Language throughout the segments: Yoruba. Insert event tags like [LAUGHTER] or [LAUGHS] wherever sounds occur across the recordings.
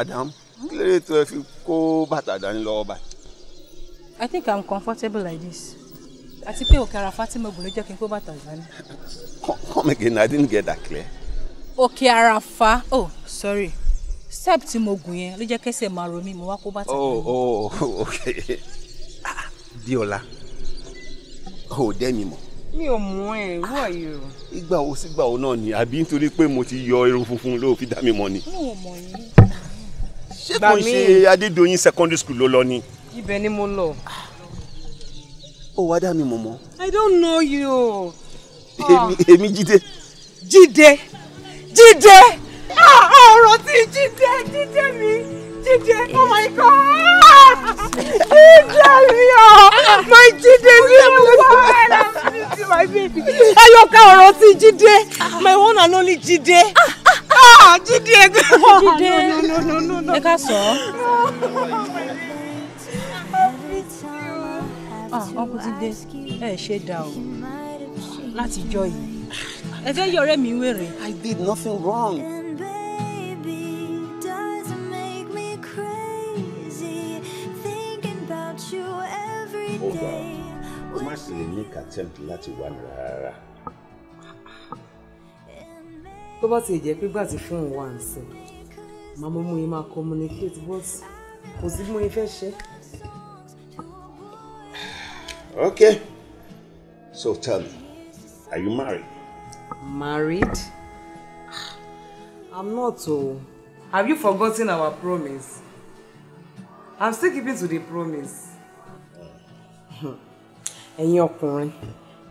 madam kí ló tó ẹ fi kó bàtà dání lọ́wọ́ báyìí. I think I'm comfortable like this. Àti pé òkè ara Fatima Ogun ló jẹ́ kí n kó bàtà dání. Come again, I didn't get that clear. Òkè ara fa, oh sorry, step tí mo gùn yẹn ló jẹ́ kẹ́sẹ̀ máa ro mi, mo wá kó bàtà oh, dání. Oh oh [LAUGHS] okay. Diola, ah, o ò dẹ́ mi mọ̀. Mi ò mú ẹ̀, wú ọ̀yẹ́ o. Ìgbà wo sígbà wo náà ni àbí nítorí pé mo ti yọ irun funfun ló fi dá mi mọ̀ ni. Mi ò mọ̀ yín ṣé kò ń ṣe Adédoyin secondary school ló lọ ni. ibẹ̀ ni mo lọ. ó wá dá mi mọ̀ mọ́. I don't know you. èmi ah. èmi Jídé. Jídé Jídé ah, ah, ọ̀rọ̀ tí Jídé Jídé mi Jídé oh my God Jídé mi ọ̀ my Jídé mi ọ̀ oh my baby ẹ̀yọ̀ká ọ̀rọ̀ tí Jídé my one and only Jídé. Ah ah jíde ẹgbẹ [LAUGHS] no, no, no! sọ ọ ọkùn ti dé ẹ ṣe dà o láti jọ yìí ah, ẹ fẹ́ yọ̀rẹ́ mi wèrè. I did nothing wrong. Hold gbà ó má sì lè make attempt láti wà rárá tó bá ti jẹ́ pé gbà tí fóun wà ń sìn màá mú yín máa communicate but kò sí mú yín fẹ́ ṣe. okay so tell me are you married. married i'm not o oh. have you forgotten our promise i'm still keeping to the promise. Hmm. [LAUGHS] ẹ̀yin ọkùnrin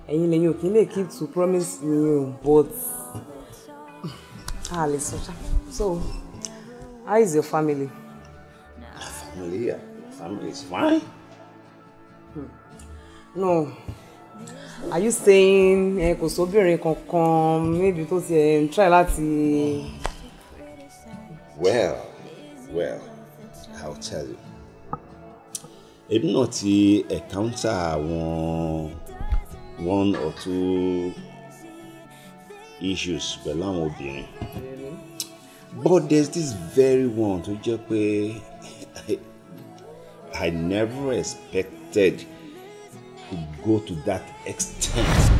ẹ̀yin lẹ́yìn ò kí n lè keep to promise yín o but. Ah, listen. so how is your family. my family my family is fine. Hmm. no are you saying ẹ kò sóbìnrin kankan níbi tó ti ẹ try láti. well well I'll tell you èmi not ti encounter one, one or two issues pẹ̀lú àwọn obìnrin but there's this very one to jẹ́ pé [LAUGHS] I never expected to go to that extent.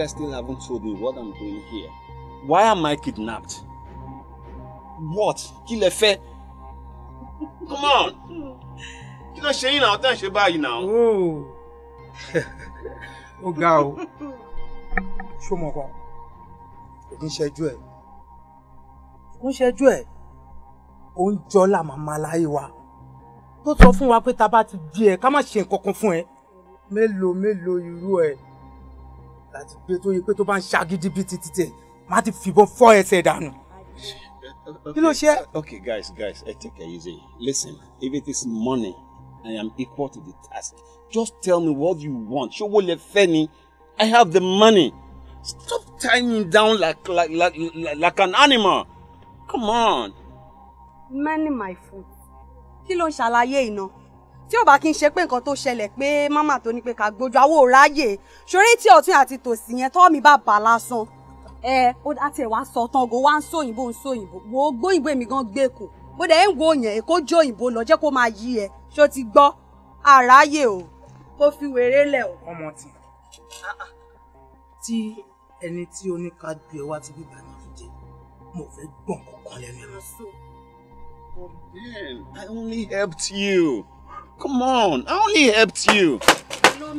guys still haven't told me what I'm doing here. Why am I kidnapped? What? Kill lẹ fẹ́? Come on! You ló ṣe yín náà? Tẹ́ ń ṣe báyìí náà. Oh. [LAUGHS] ga Show me mọ̀ kan? Kò ń ṣẹ́jú ẹ̀. Kò ń ṣẹ́jú ẹ̀. Ó ń jọ́lá màmá láyé wa. Tó sọ fún wa pé ta bá ti di ẹ̀ ká má ṣe nǹkan láti gbé tó yẹ pé tó bá ń ṣàgídí bíi títí má ti fìbọn fọ́ ẹsẹ̀ dànù. kí ló ṣe. okay guys guys I take it easy listen if it is money I am equal to the task just tell me what you want ṣowó lè fẹ́ ni I have the money stop tying me down like like like like an animal come on. many my food. kí ló ń ṣàlàyé iná tí ò bá kí n ṣe pé nǹkan tó ṣẹlẹ̀ pé màmá tó ní pé ká gbójú àwọ̀ ráyè ṣoré tí ọ̀tún àti tòsí yẹn tọ́ mi bá bà lásán ẹ ó àti wá sọ tán go wá ń sóyìnbó ń sóyìnbó wo gbóyìnbó èmi gan gbé kù bó dẹ̀ ń wo yẹn èkó jó òyìnbó lọ jẹ́ kó máa yí ẹ ṣó ti gbọ́ àráyè o kó fi wèrè lẹ̀ o. ọmọ tí tí ẹni tí ó ní e wá ti bíbá ní ìdíje mo fẹ́ gbọ̀n kọ̀ọ̀kan lẹ́nu ẹ̀. I only helped you. Come on, I only helped you. Kí ló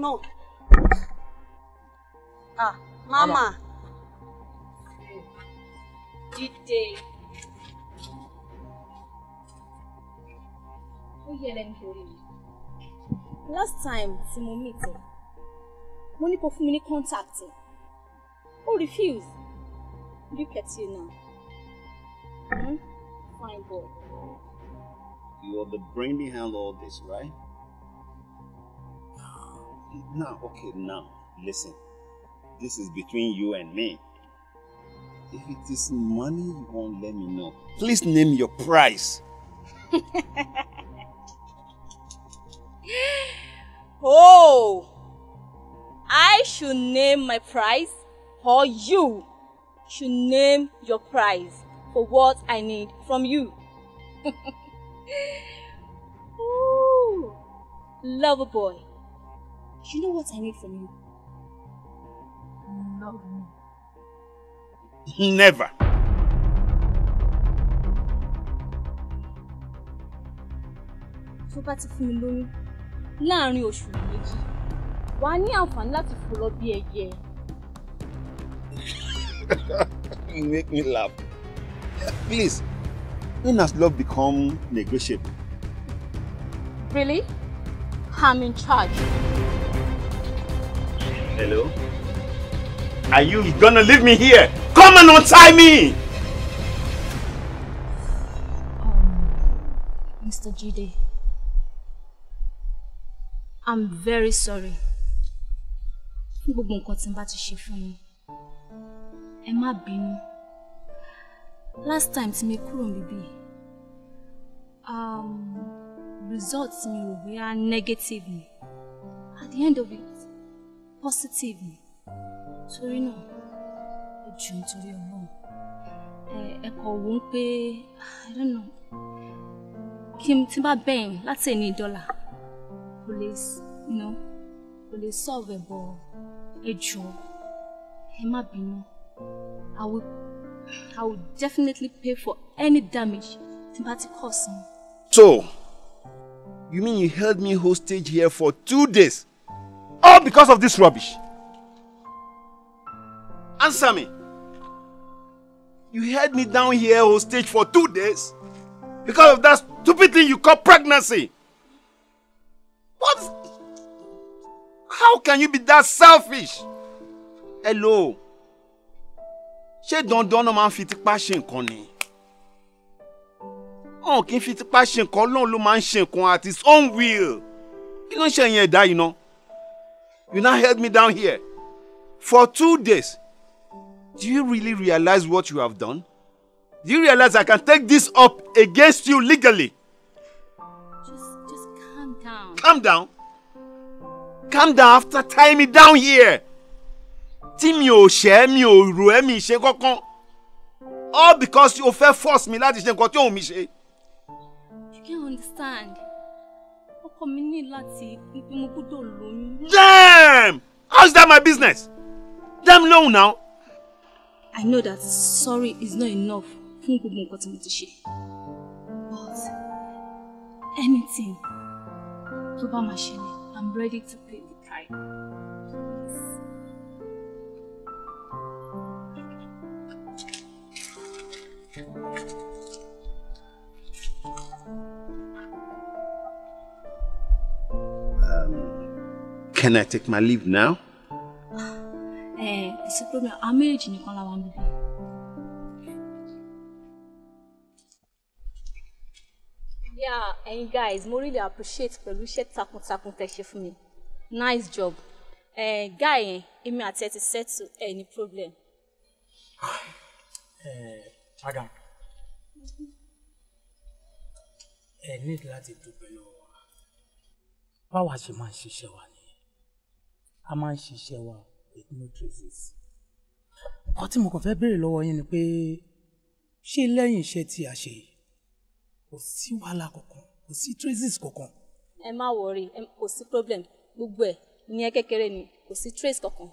mẹ́kù Ah, mama. Dìde. Ó Last time tí mo meet ẹ, mo ní kó contact ẹ. Ó refuse. Look at you now. Mm -hmm. You are the brain behind all this, right? Now, okay, now, listen. This is between you and me. If it is money, you want, not let me know. Please name your price. [LAUGHS] oh, I should name my price, or you should name your price. for what I need from you. [LAUGHS] Ooh, lover boy, you know what I need from you? Love me. Never. Tó bá ti fún mi lóyún láàárín oṣù méjì, wàá ní àǹfààní láti fò lọ bí ẹyẹ. You [LAUGHS] make me laugh. Please, when has love become negotiable? Really? I'm in charge. Hello? Are you gonna leave me here? Come and untie me! Um, Mr. Jide, I'm very sorry. I'm going to n bá ti ṣe fún yín. Ẹ má last time tí mi kúrò níbí um, results mi rò bóyá negative ni at the end of it positive ni torí náà ẹ jù nítorí ọlọ́run ẹ kọ̀ wọ́n pé i don't know kí n ti bá bẹ̀yìn láti ẹni dọ́là kò lè you know kò lè solve ẹ̀ bọ̀ ẹ jù ẹ má bínú i will I will definitely pay for any damage Timati caused me. So, you mean you held me hostage here for two days? All because of this rubbish? Answer me. You held me down here hostage for two days because of that stupid thing you call pregnancy. What? How can you be that selfish? Hello. ṣé dandan náà máa ń fi tipá ṣe nǹkan ni ọ̀n kì í fi tipá ṣe nǹkan ọlọ́run ló máa ń ṣe nǹkan at his own will kí ló ń ṣe yẹn ẹ̀dá yìí you now held me down here for two days do you really realize what you have done do you realize I can take this up against you legally. just just calm down. calm down calm down after tying me down here tí mi ò ṣẹ́ mi ò rò ẹ́ mi ṣe kankan all because o fẹ́ force mi láti ṣe nǹkan tí òun mi ṣe. you can't understand ọkọ mi ní láti pípé mo gbọ́dọ̀ lóyún. damn how's that my business damn lóhùn now. i know that sorry is not enough fún gbogbo nǹkan tí mo ti ṣe but anything tó bá máa ṣẹlẹ̀ i'm ready to pay the price. Um, can I take my leave now? [SIGHS] Eh, it's problem. Our marriage is not going to Yeah, and guys, mo really appreciate pẹ̀lú iṣẹ́ takuntakun tẹ́ ṣe for me. Nice job. Eh, guy yẹn, èmi at ẹ ti any problem. [SIGHS] Eh, ṣága ẹ ní láti dúpẹ́ lọ́wọ́ wa báwa ṣe máa ń ṣiṣẹ́ wa nìyẹn a máa ń ṣiṣẹ́ wa with no traces nǹkan tí mo kàn fẹ́ béèrè lọ́wọ́ yín ni pé ṣé lẹ́yìn iṣẹ́ tí a ṣe kò sí wàhálà kankan kò sí traces kankan. ẹ má wọrí kò sí problem gbogbo ẹ ìyẹn kékeré ni kò sí trace kankan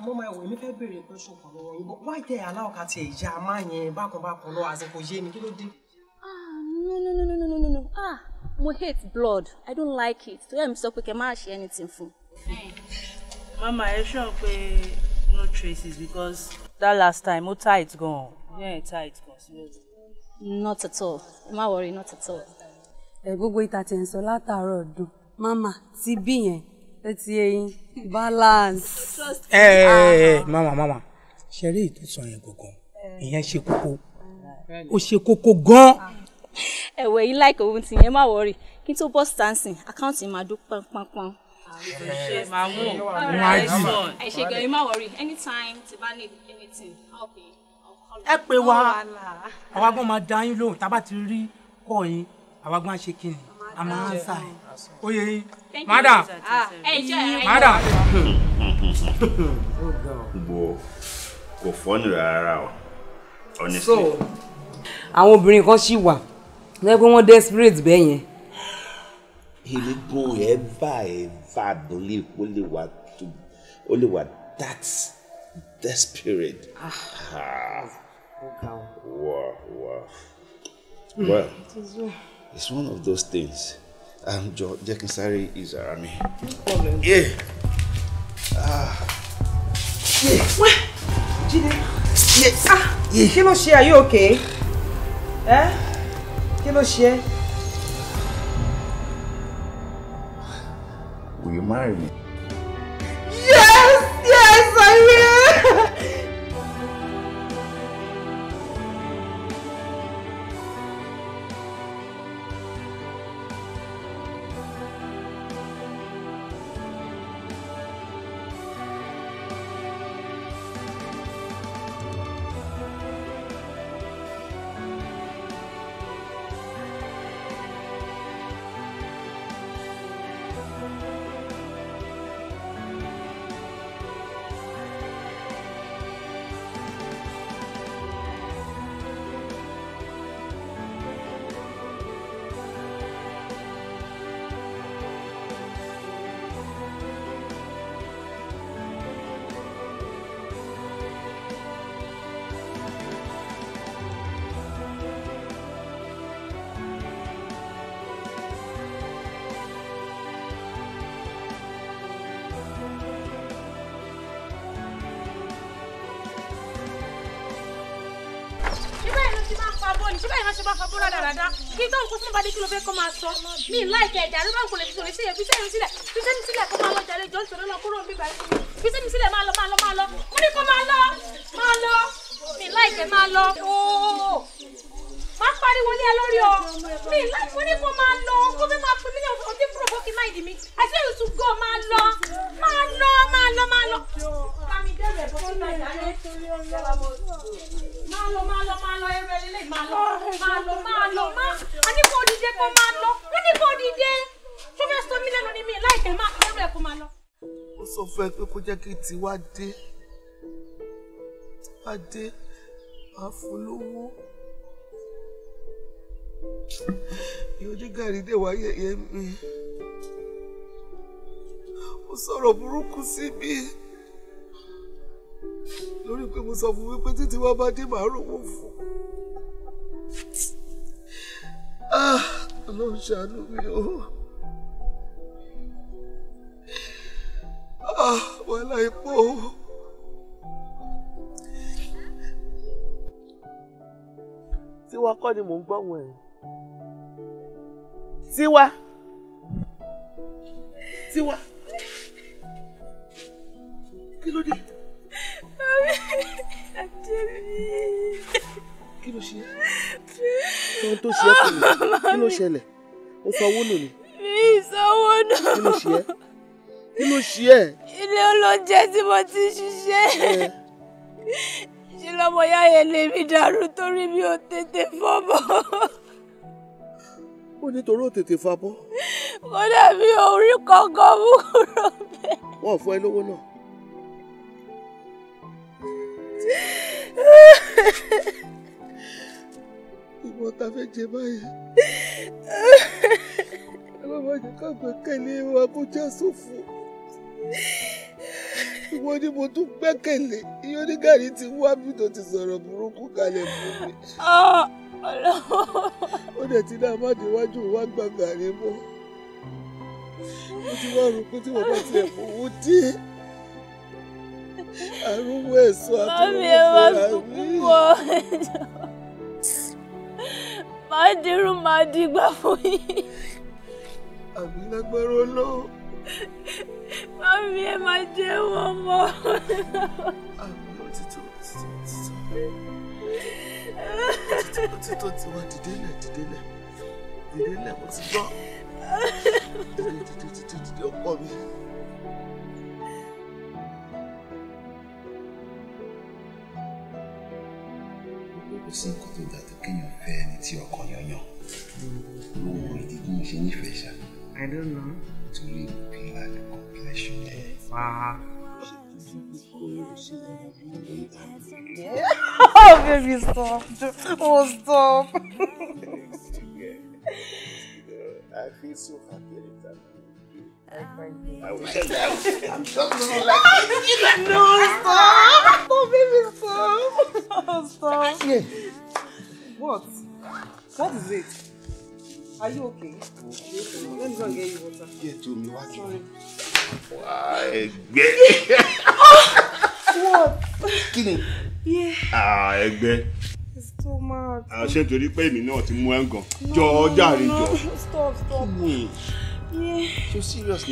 mo máa wò mí fẹ́ béèrè question kan lọ́wọ́ yín wá ìtẹ̀ aláwọ̀ká tiẹ̀ ìjà máa yẹn bákanbákan lọ àsìkò yé mi kí ló dé. Ah, no no no no no no no ah mo hate blood i don't like it torí ẹ̀mí sọ pé kẹ́ máa ṣe anything fún. mama ẹ ṣọ́ pé no traces because that last time ó tight gan-an yeah tight gan seriously. not at all ẹ má worry not at all. ẹ gbogbo ìta tí ń sọ látàárọ̀ dùn mama ti bí yẹn etí eyín balance. ẹ ẹ eh, eh, eh, mama mama ṣe rí ìtúsọ yẹn gangan ìyẹn ṣe kókó ó ṣe kókó gan. ẹ̀wẹ̀ yìí láìka ohun tí yẹn má wọrí kí n tó bọ́ stansin àkáǹtì máa dún pánpánpán. màmú wájú ẹ ṣe gan yín má wọrí anytime tí bá need anything i'll pay ẹ pé wa àwa gan máa dá yín lóhùn tá a bá ti rí kọ́ yín àwa gan á ṣe kí ni àmọ́ ànsà ó yẹ yín madam madam. bò kò fọ́nì rárá o honestly. àwọn obìnrin kan ṣì wà lẹ́yìn desperate bẹ́ẹ̀ yẹn. èmi gan ever ever believe only what to, only what that's that desperate. Ah. Wow, ah. wow. Well it's one of those things um, Jack and jọ jẹ́ kí n sáré ìzàrà mi. wẹ́ jíde Yes. Ah. Yeah, àyè are you okay? ló ṣe. will you marry me? dá kí tóun kó sínú bàdé kí ló fẹ́ kó máa sọ mí láìkẹ́ ẹ̀dá ló máa ń kọlẹ̀ fi sòrè sílẹ̀ fi sẹ́yìn sílẹ̀ fi sẹ́yìn sílẹ̀ kó máa lọ jàre jọ sòrè lọ kúrò níbi báyìí fi sẹ́yìn sílẹ̀ máa lọ máa lọ máa lọ mo ní kó máa lọ máa lọ mí láìkẹ́ máa lọ ooo má pariwo lé ẹ lórí ọ mí láìkẹ́ mo ní kó máa lọ kó fẹ́ máa fún mi ní ọtí fúròfó kí máa dì mí àti èyí tún gọ́ máa lọ máa lọ máa lọ máa lọ mi débẹ̀ bó ti bẹ̀rẹ̀ dáná. Máa lọ, máa lọ, máa lọ, ẹrẹ lélẹ̀, máa lọ, máa lọ, máa lọ, má. A ní kó dìde kó máa lọ, ni mi láìpẹ́ máa kọ́ ẹrẹ kó máa lọ. Ó sọ fún ẹ pé kó jẹ́ kí tiwa dé. Tiwa dé, máa fún lówó. Ìyọjú gàrí dé wá yẹ̀yẹ́ mi. Ó sọ̀rọ̀ burúkú sí bíi lórí pé mo sọ fún wípé títí wá bá dé màá rówó fún ah, ọlọ́run ṣàánú mi o ah, wàhálà ipò o. tiwa kọ́ ni mò ń gbọ́ wọn ẹ̀ tiwa tiwa kí ló dé kí ló ṣe ohun tó ṣe é fún mi kí ló ṣẹlẹ̀ o sanwó nù ni. mi sanwó nù. kí ló ṣe é kí ló ṣe é. ilé olóúnjẹ tí mo ti ṣiṣẹ́ ṣe lọ́mọ yá yẹn lè mi dàrú torí mi ò tètè fọ́bọ̀. ó ní torí ò tètè fabọ́. kódà mi ò rí kankan mú kúrò bẹ́ẹ̀. wọ́n fún ẹ lówó náà ìwọ ta fẹ́ jẹ báyìí ọlọ́mọ jẹ ká gbẹ́kẹ̀lé wa kó já sófo ìwọ ni mo tún gbẹ́kẹ̀lé iye onígàrí ti wá bí tó ti sọ̀rọ̀ burúkú kalẹ̀ fún mi. ó dẹ̀ ti náà má déwájú wá gbàgàrí mọ́ mo ti wá rò pé tí wọ́n bá tiẹ̀ fowó díẹ̀ arúgbó èso àtúnwò máa dirú máa dìgbà fún yín. àbí lágbára olóhùn. Mami ẹ máa jẹ́ wọn mọ́. Àmì òtítọ́ òtítọ́ òtítọ́. Òtítọ́ ti wá dìdélẹ̀ dìdélẹ̀. mo ti gbọ́. Dìdé dìdé dìdé ọkọ mi. kò sí nǹkan tó dáa tó kéèyàn fẹ́ ẹni tí ọkàn yàn yàn mo mọ ìdí tí mo ṣe nífẹ̀ẹ́ ṣá. I don't know. torí black complexion ẹ. wàá. oh baby stop oh stop. I feel so happy every time. I I'm something No, stop! Oh, baby, stop! stop! Yeah. What? What is it? Are you okay? Okay. Let me go and get you water. Get to me, what? Sorry. Why? What? Kidding? Yeah. Ah, ẹgbẹ́. It's too much. I torí pé èmi me not to move. ń gan. Jọ ọjà rẹ Stop, stop. Kí ni? Yeah. She serious,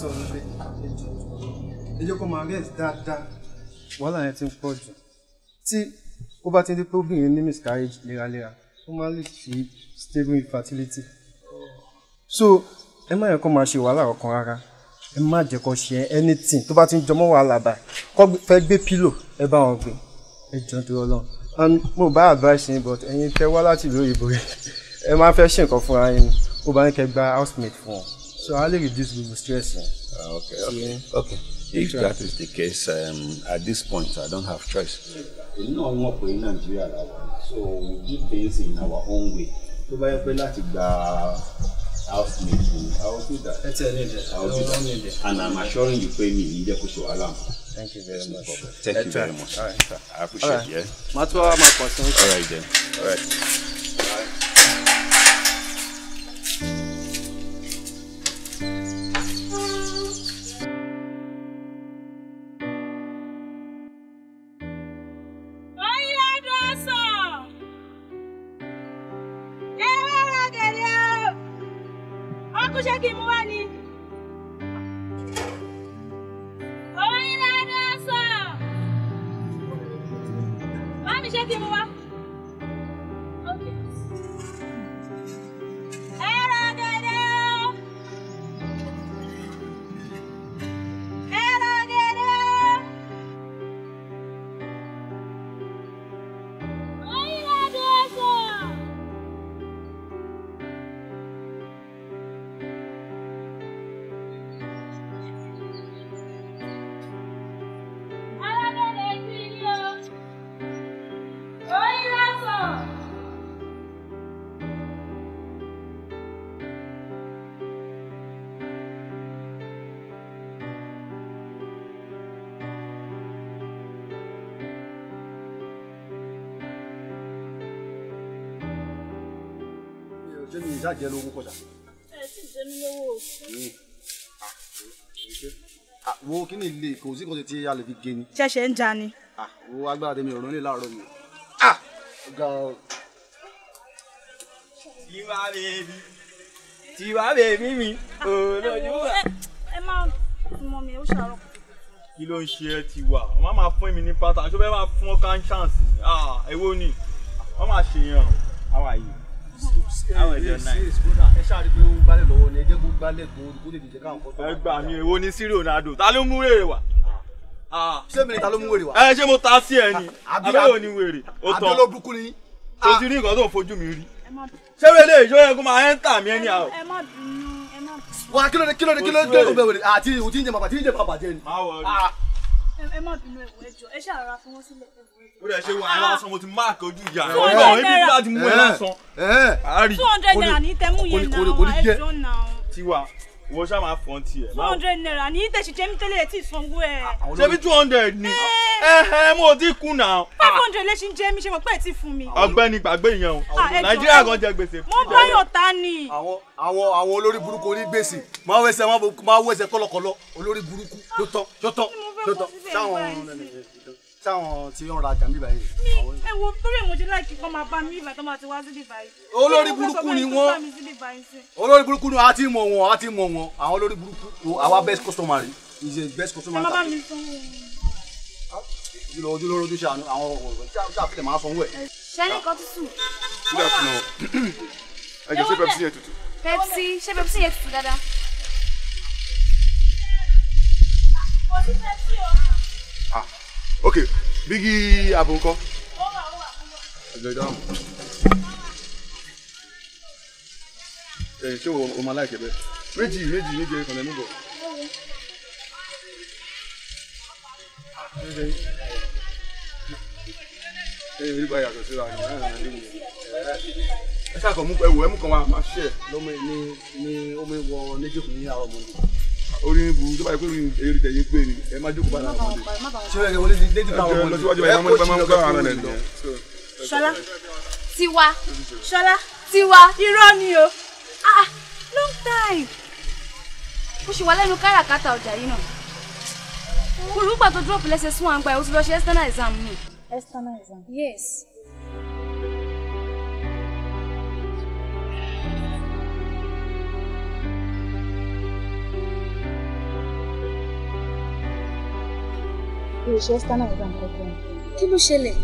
sọ wípé ẹ jẹ́ kó máa rest dáadáa wàhálà yẹn ti ń pọ̀ jù tí ó bá ní miscarriage léraléra ó máa lè fi stable infertility so ẹ má yẹ kó máa ṣe wàhálà ọkàn rárá ẹ má jẹ́ kó ṣe anything tó bá ti ń jọmọ́ wàhálà bá kó fẹ́ gbé pillow ẹ bá wọn gbé ẹ jọ tó Ọlọ́run and mo bá advice yín but ẹ̀yin tẹ́ wá láti ìlú òyìnbó ẹ máa fẹ́ ṣe nǹkan fúnra yín ó bá ń kẹ́ gba housemate fún ọ. So I only reduce the stress. Uh, okay, okay, eh? okay. If that is the case, um, at this point, I don't have choice. We know, we not in Nigeria, so we do things in our own way. tó bá yẹ pé láti the house meeting, i will do that. That's tẹ ní ìdẹ i will do that and I'm assuring you pay me in the kó ṣe wàhálà thank you very much thank you very much i appreciate it. màá tún wá máa all right then all right. ìjà jẹ lówó kọjá. ẹ ti jẹ mí lówó. Ah, wo kí ni ilé kò sí kò sí tí a lè fi gé ni. ṣẹ̀ṣẹ̀ ń ja ah, wo agbára tèmi ò rán lè mi. ga ah! ọ. tiwa tiwa bèbí mi olójú oh, wa. ẹ má mọ mi ó ṣàrọ kí ló ń ṣe ẹ ti wà wọn máa fún mi ní pátá ṣó fẹ́ máa fún ọ káńṣáǹsì èwo ni wọn máa ṣèyàn ẹjọ náà. ẹ ṣáàrí pé ó gbálẹ̀ lọ́wọ́ ni ẹ jẹ́ kó gbálẹ̀ kó kó lè dìde káwọn kọ́tọ́. ẹ gbà mí èwo ni sí Ronaldo ta ló mú wèrè wá. Ah. Ah. ṣé mi ni ta ló mú wèrè wá. ẹ ṣé mo ta sí ẹ ni ah, abẹ́wò ni wèrè ó tán abẹ́wò burúkú o ti rí nǹkan tó ń fojú mi rí. ṣé wẹ́lẹ̀ ìjọ yẹ kó máa ń tà mí ẹni àwọ̀. wà kí ló dé kí ló dé kí ló dé kó bẹ̀ wèrè àti ìwò tí ń jẹ bàbà tí ń jẹ bàbà jẹ ni. ẹ má bínú ẹ̀wọ̀ ẹjọ́ ẹ ṣàrà fún wọn sílẹ̀ ẹ̀wọ̀ ó dẹ̀ ṣe wà ah. lásán mo ti máàkì ojú ìyá rẹ̀ ọ̀rọ̀ ibi bá ti mú ẹ eh, lásán. Eh. two hundred tiwa wo ṣáà máa fọ́n tiẹ̀. two hundred naira ní tẹ̀sí jẹ́mi tẹ́lẹ̀ tí sanwó ẹ̀. Ah, ṣebí two hundred ni ẹ eh. ẹ mo ti kú náà. Ah. five hundred lè ṣe ń jẹ́ mi ṣe mọ̀ pé ti fún mi. ọ̀gbẹ́ni gbàgbé yẹn o nàìjíríà kan jẹ gbèsè. mo báyọ̀ ta ni. àwọn àwọn olórí burúkú onígbèsè máa wẹsẹ̀ máa wẹsẹ̀ kọ́lọ̀kọ́lọ̀ olórí burúkú tó tán tó tán tó tán táwọn ọ̀run nìyẹn táwọn tí ń rajà mí báyìí. mi ẹ wo torí ẹ mo láìkí kọ́ máa bá mi ìgbà tó máa ti wá síbí báyìí. olórí burúkú ni wọ́n olórí burúkú ni wọ́n á ti mọ̀ wọ́n á ti mọ̀ wọ́n àwọn olórí burúkú àwa best customer is a best customer. ẹ má bá mi sanwó. ojúlọ ojúlọ ojú ṣàánú àwọn ọ̀rọ̀ tí a máa sanwó ẹ̀. sẹ́ni kan tútù. sílẹ̀ fún ọ ẹ jọ ṣé pepsi yẹn tútù. pepsi ṣé pepsi yẹn tútù dáadáa ok bígí abo ńkọ́. ẹ ṣé o máa láìpẹ́ bẹ́ẹ̀ méjì méjì méjì Meji kàn lẹ́nu bọ̀. ẹ ẹ nígbà yàtọ̀ síra ni ẹ ṣàkànmú ẹ wò ẹ mú kàn wá máa ṣe ẹ lọ́mọ ní ní ó mi wọ ní jòkó ní àárọ̀ mọ́ni orí ń bu tó bá yẹ kó eré tẹ̀yìn pé ni ẹ má jókòó bá ara ọmọdé. ṣọlá tiwa ṣọlá tiwa irọ́ ni o ah long time mo ṣì wà lẹ́nu káràkátà ọjà yìí náà kúrú gbà tó dúró pẹ̀lẹ́sẹ̀ sún àgbà ẹ̀ ó ti lọ ṣe external exam mi. external exam. yes. pé iṣẹ́ ẹ́sítá náà gbà nǹkan kan. kí ló ṣẹlẹ̀.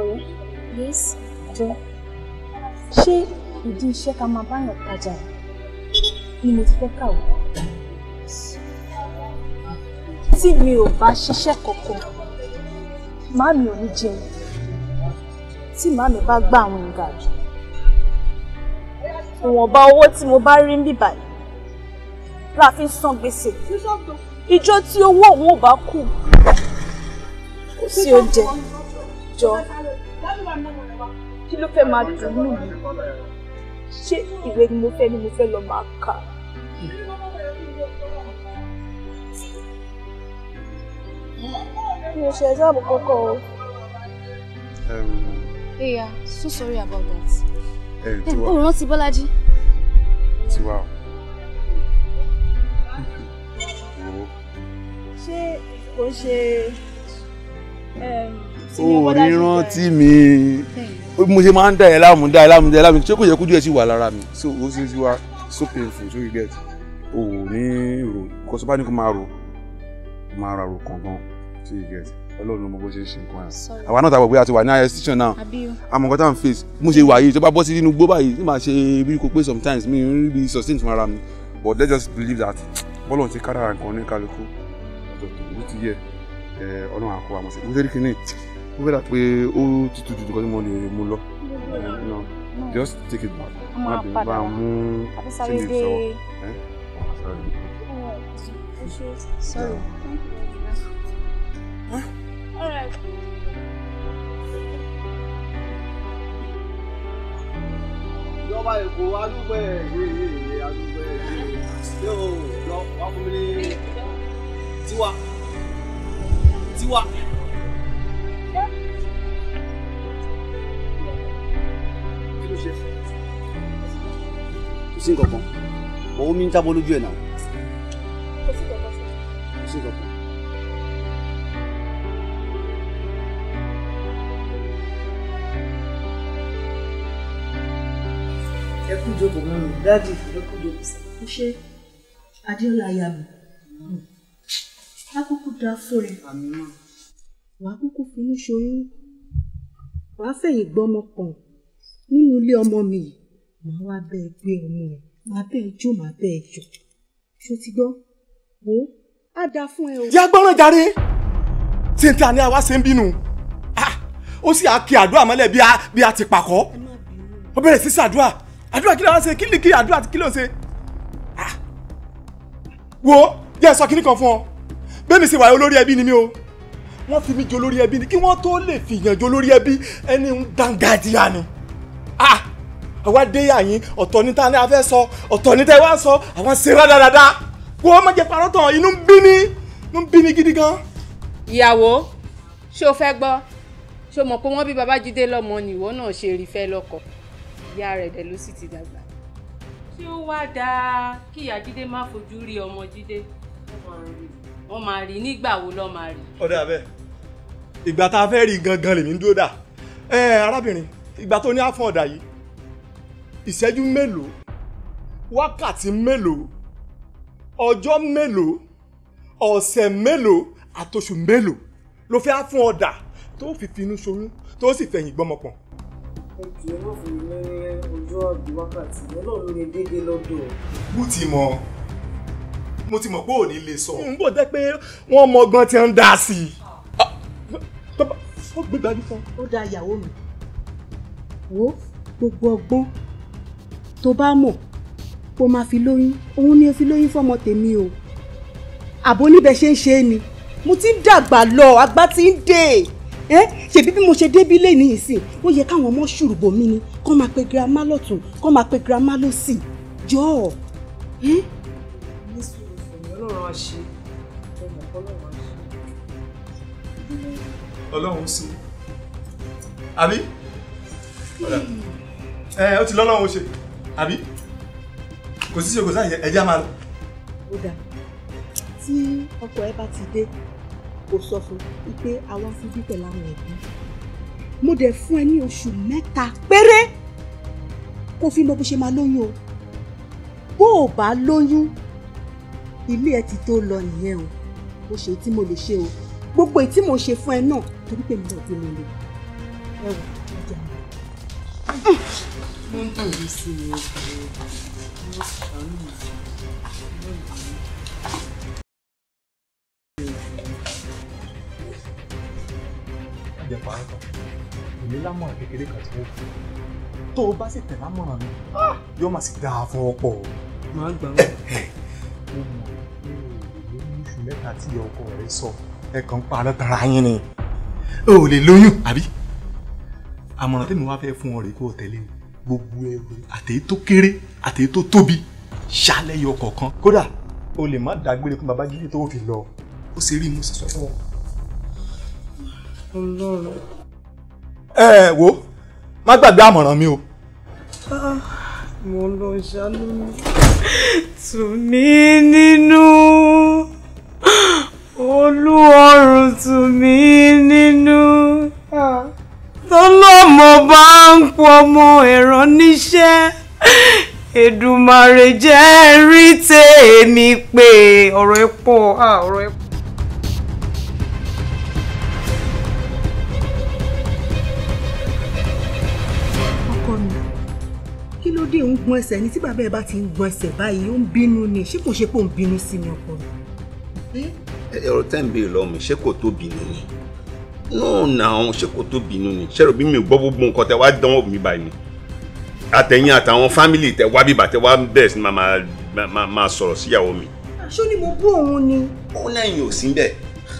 ọ̀rẹ́ yes jọ ṣé ìdí iṣẹ́ ká máa báyàn tajà ni mo ti fẹ́ kàwé. tí mi ò bá ṣiṣẹ́ kankan màá mi ò ní jẹun tí màá mi bá gbà àwọn ìgbà jù ìwọ̀nba owó tí mo bá rí ń bì báyìí la fi ń san gbèsè ìjọ tí owó òun ò bá kù kò sí oúnjẹ jọ kí ló fẹ́ máa dùnú mi ṣé ìwé ni mo fẹ́ ni mo fẹ́ lọ máa kà. mi ò ṣe ẹjọ́ àbò kọ́kọ́ o. Eya, so sorry about that. Ẹ ò oh, rántí Bọ́lájí. Tiwa o. ṣé kò ṣe o rí rántí mi hmm. mo ṣe máa ń dá ẹ láàmú dá ẹ láàmú dá ẹ láàmú ṣé kò yẹ kójú ẹ sì wà lára mi so ó ṣe ti wá so painful so you get o ò ní rò kó sọ bá ní kó máa rò kó máa ra rò kankan so you get ọlọ́run mo bó ṣe ṣe nǹkan yẹn àwa náà ta gbogbo àti wà ní ayẹyẹ station náà àmọ́ nǹkan tá à ń face mo ṣe wà yìí tó bá bọ́ sí inú gbó báyìí ní màá ṣe bí kò pé sometimes mi ò rí bí sustain fún ara mi but let's just believe that bọ́lọ̀ ti kára nǹkan ní kálukú ti yẹ ẹ ọlọ́run àkọ́ àmọ́ sí nítorí kìíní ó fẹ́ pé ó tutù jù kọ́ tí mo lè mú lọ just take it back má bínú bá mú sí ní ìṣọwọ́ ẹ sorry. sorry. Huh? All right. ìjọba èkó adúgbò ẹ̀yẹ adúgbò ẹ̀yẹ yóò yọ wá tiwa tiwa. kò sí nǹkan òun mi ń jábọ́ lójú ẹ̀ náà. kò jókòó mọ́ mi dáàdì ẹ jókòó sí. ó ṣe Adéọlá aya mi á kúkú dáa fún rẹ wàá kúkú finú ṣoyún wàá fẹ̀yìn gbọ́mọ kàn nínú ilé ọmọ mi yìí màá wá bẹ́ẹ̀ gbé ọmọ ẹ̀ màá bẹ́ẹ̀ jó màá bẹ́ẹ̀ yọ̀ ṣó ti gbọ́ wo á dáa fún ẹ o. ìyá gbọ́ràn jàre ṣé n ta ni àwa ṣe ń bínú ó sì á kí àdúrà mọ́lẹ̀ bí a ti pàkọ́ ó bẹ̀rẹ̀ sí ṣàdúrà àdúrà kí ló ń ṣe kí ni kí àdúrà kí ló ń ṣe wo jẹ́ sọ kíní kan fún ọ bẹ́ẹ̀ mi sì wà olórí ẹbí ni mí o wọ́n fi mí jẹ olórí ẹbí ni kí wọ́n tó lè fìyàn jẹ olórí ẹbí ẹni ń dangadiya ni ah àwa déyà yín ọ̀tọ̀ ní ta ni a fẹ́ sọ ọ̀tọ̀ ní ta ẹ wá sọ àwọn ṣera dáadáa wo má jẹ́ parọ́ tán inú ń bí mi inú ń bí mi gidi gan. ìyàwó ṣé o fẹ́ gbọ́ ṣé o mọ̀ pé wọ́n bí babájídé lọ́mọ ni ìwọ náà ṣe rí fẹ́ lọ́kọ ìyá rẹ̀ dẹ̀ ló sì ti dàgbà. ṣé ó wá dáa kí ìyá jídé má fojú rí ọmọ jídé. ó wọ́n máa rí nígbà wo lọ́ máa rí. ó dà bẹ́ẹ̀ ìgbà tá a fẹ́ rí gangan lèmi ń dúró dà ẹ arábìnrin ìgbà tó ní àfọ̀n ọ̀dà yìí ìṣẹ́jú mélòó wákàtí mélòó ọjọ́ mélòó ọ̀sẹ̀ mélòó àtòṣù mélòó ló fẹ́ àfọ̀n ọ̀dà tó fi finú ṣoyún tó sì fẹ̀yìn gbọ́mọpọ̀n. ẹ kì í mọ̀ fún mi ní ojú ọ̀dùn wákàtí ọlọ́run lè dédé lọ́dọ̀. bó ti mọ mo ti mọ̀ pé ò ní lè sọ. n bò jẹ́ pé wọ́n mọ ọgbọ́n tí ń dá sí i. Ah. ó gbé gbájú fún. ó da ìyàwó mi wo gbogbo ọgbọ́n tó bá mọ̀ kó máa fi lóyún òun ni o fi lóyún fọmọ tèmi o àbó níbẹ̀ ṣe ń ṣe é ni mo ti ń dàgbà lọ àgbà ti ń dè é ṣèbí bí mo ṣe débí lẹ́ni ìsìn ó yẹ káwọn ọmọ ṣùrùbò mi ni kó máa pe girama lọ́tún kó máa pe girama lọ́sì jọ̀ọ́ máa ṣe ọmọ àbí ẹ ó ti lọ́lọ́run ṣe àbí kò sí ṣe kò sáyẹ ẹjẹ́ máa lọ. ó dà tí ọkọ ẹ bá ti dé kò sọ fún un pé àwa fi bíbẹ̀ láwọn ẹ̀bí mo dẹ̀ fún ẹ ní oṣù mẹ́ta péré kó fi mọ bó ṣe máa lóyún o bó o bá lóyún ilé ẹ ti tó lọ nìyẹn o mo ṣe tí mo lè ṣe o gbogbo èyí tí mo ṣe fún ẹ náà torí pé mi ò bí mo lè ẹ wò ó jẹ mo ń bọ̀ yìí sí mi. jẹ kékeré kan tí wọ́n fún tó o bá sì tẹ̀ mi yóò máa sì dáa fún ọ̀pọ̀ o. màá gbà wọ́n oṣù mẹ́ta tí ìyá ọkọ rẹ̀ sọ ẹ kàn ń pa alátara yín ni o ò lè lóyún àbí àmọ̀ràn tèmi wá fẹ́ fún ọ rèé kó o tẹ̀lé gbogbo ẹrù àtèyí tó kéré àtèyí tó tóbi ṣálẹ̀ yọ kọ̀ọ̀kan kódà o lè má dágbére fún bàbá jíde tó fi lọ ó ṣe rí mo sì sọ fún ọ. ọlọ́run. ẹ ẹ wo má gbàgbé àmọ̀ràn mi o. Ah, mo lọ ṣàlùmí tù mí nínú olú ọrùn tù mí nínú tọ́lọ́mọ bá ń pọ̀ ọmọ ẹ̀rọ níṣẹ́ Èdùmàrè jẹ́ rí tèmi pé ọ̀rọ̀ ẹ̀ pọ̀ ọ̀rọ̀ ẹ̀ pọ̀. dé ń gun ẹsẹ̀ ni tí bàbá ẹ bá ti ń gun ẹsẹ̀ báyìí ó ń bínú ni ṣé kò ṣe pé ó ń bínú sí mi ọkọ rẹ̀ ẹ̀rọ tẹ́ ń béèrè lọ́wọ́ mi ṣé kò tó bínú ni náà náà ṣé kò tó bínú ni ṣẹ́rọ bí mi gbọ́ gbogbo nǹkan tẹ wá dánwò mi báyìí ni àtẹ̀yìn àtàwọn fámìlì tẹ wá bíbà tẹ wá bẹ̀rẹ̀ sí máa máa sọ̀rọ̀ síyàwó mi. aṣọ ni mo bú òun ni. òun lẹ́yìn ò sí bẹ́ẹ̀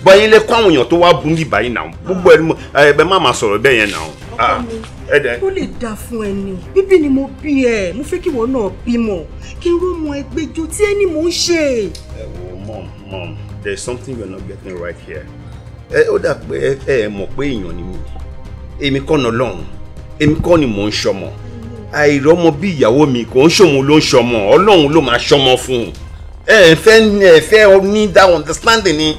bọ́yìn lè kó àwọn èèyàn tó wá bú mi báyìí náà gbogbo ẹ bẹ́ẹ̀ má máa sọ̀rọ̀ bẹ́ẹ̀ yẹn náà. ọkọ ah, mi ó lè dáa fún ẹni bíbí ni mo bí ẹ mo fẹ́ kí ìwọ náà bímọ kí n ró mọ tí ẹni mò ń ṣe. ẹ wo mom mom there's something you're not getting right here. ẹ ó dà pé ẹ ẹ mọ̀ pé èèyàn ni mí èmi kọ́ nà lọ́run èmi kọ́ ni mò ń ṣọmọ àìrọ́mọ bí ìyàwó mi kò ń ṣòun ló ń ṣọmọ ọlọ́run ló máa ṣọmọ fún un ẹ fẹ́ ẹ fẹ́ ní that understanding ni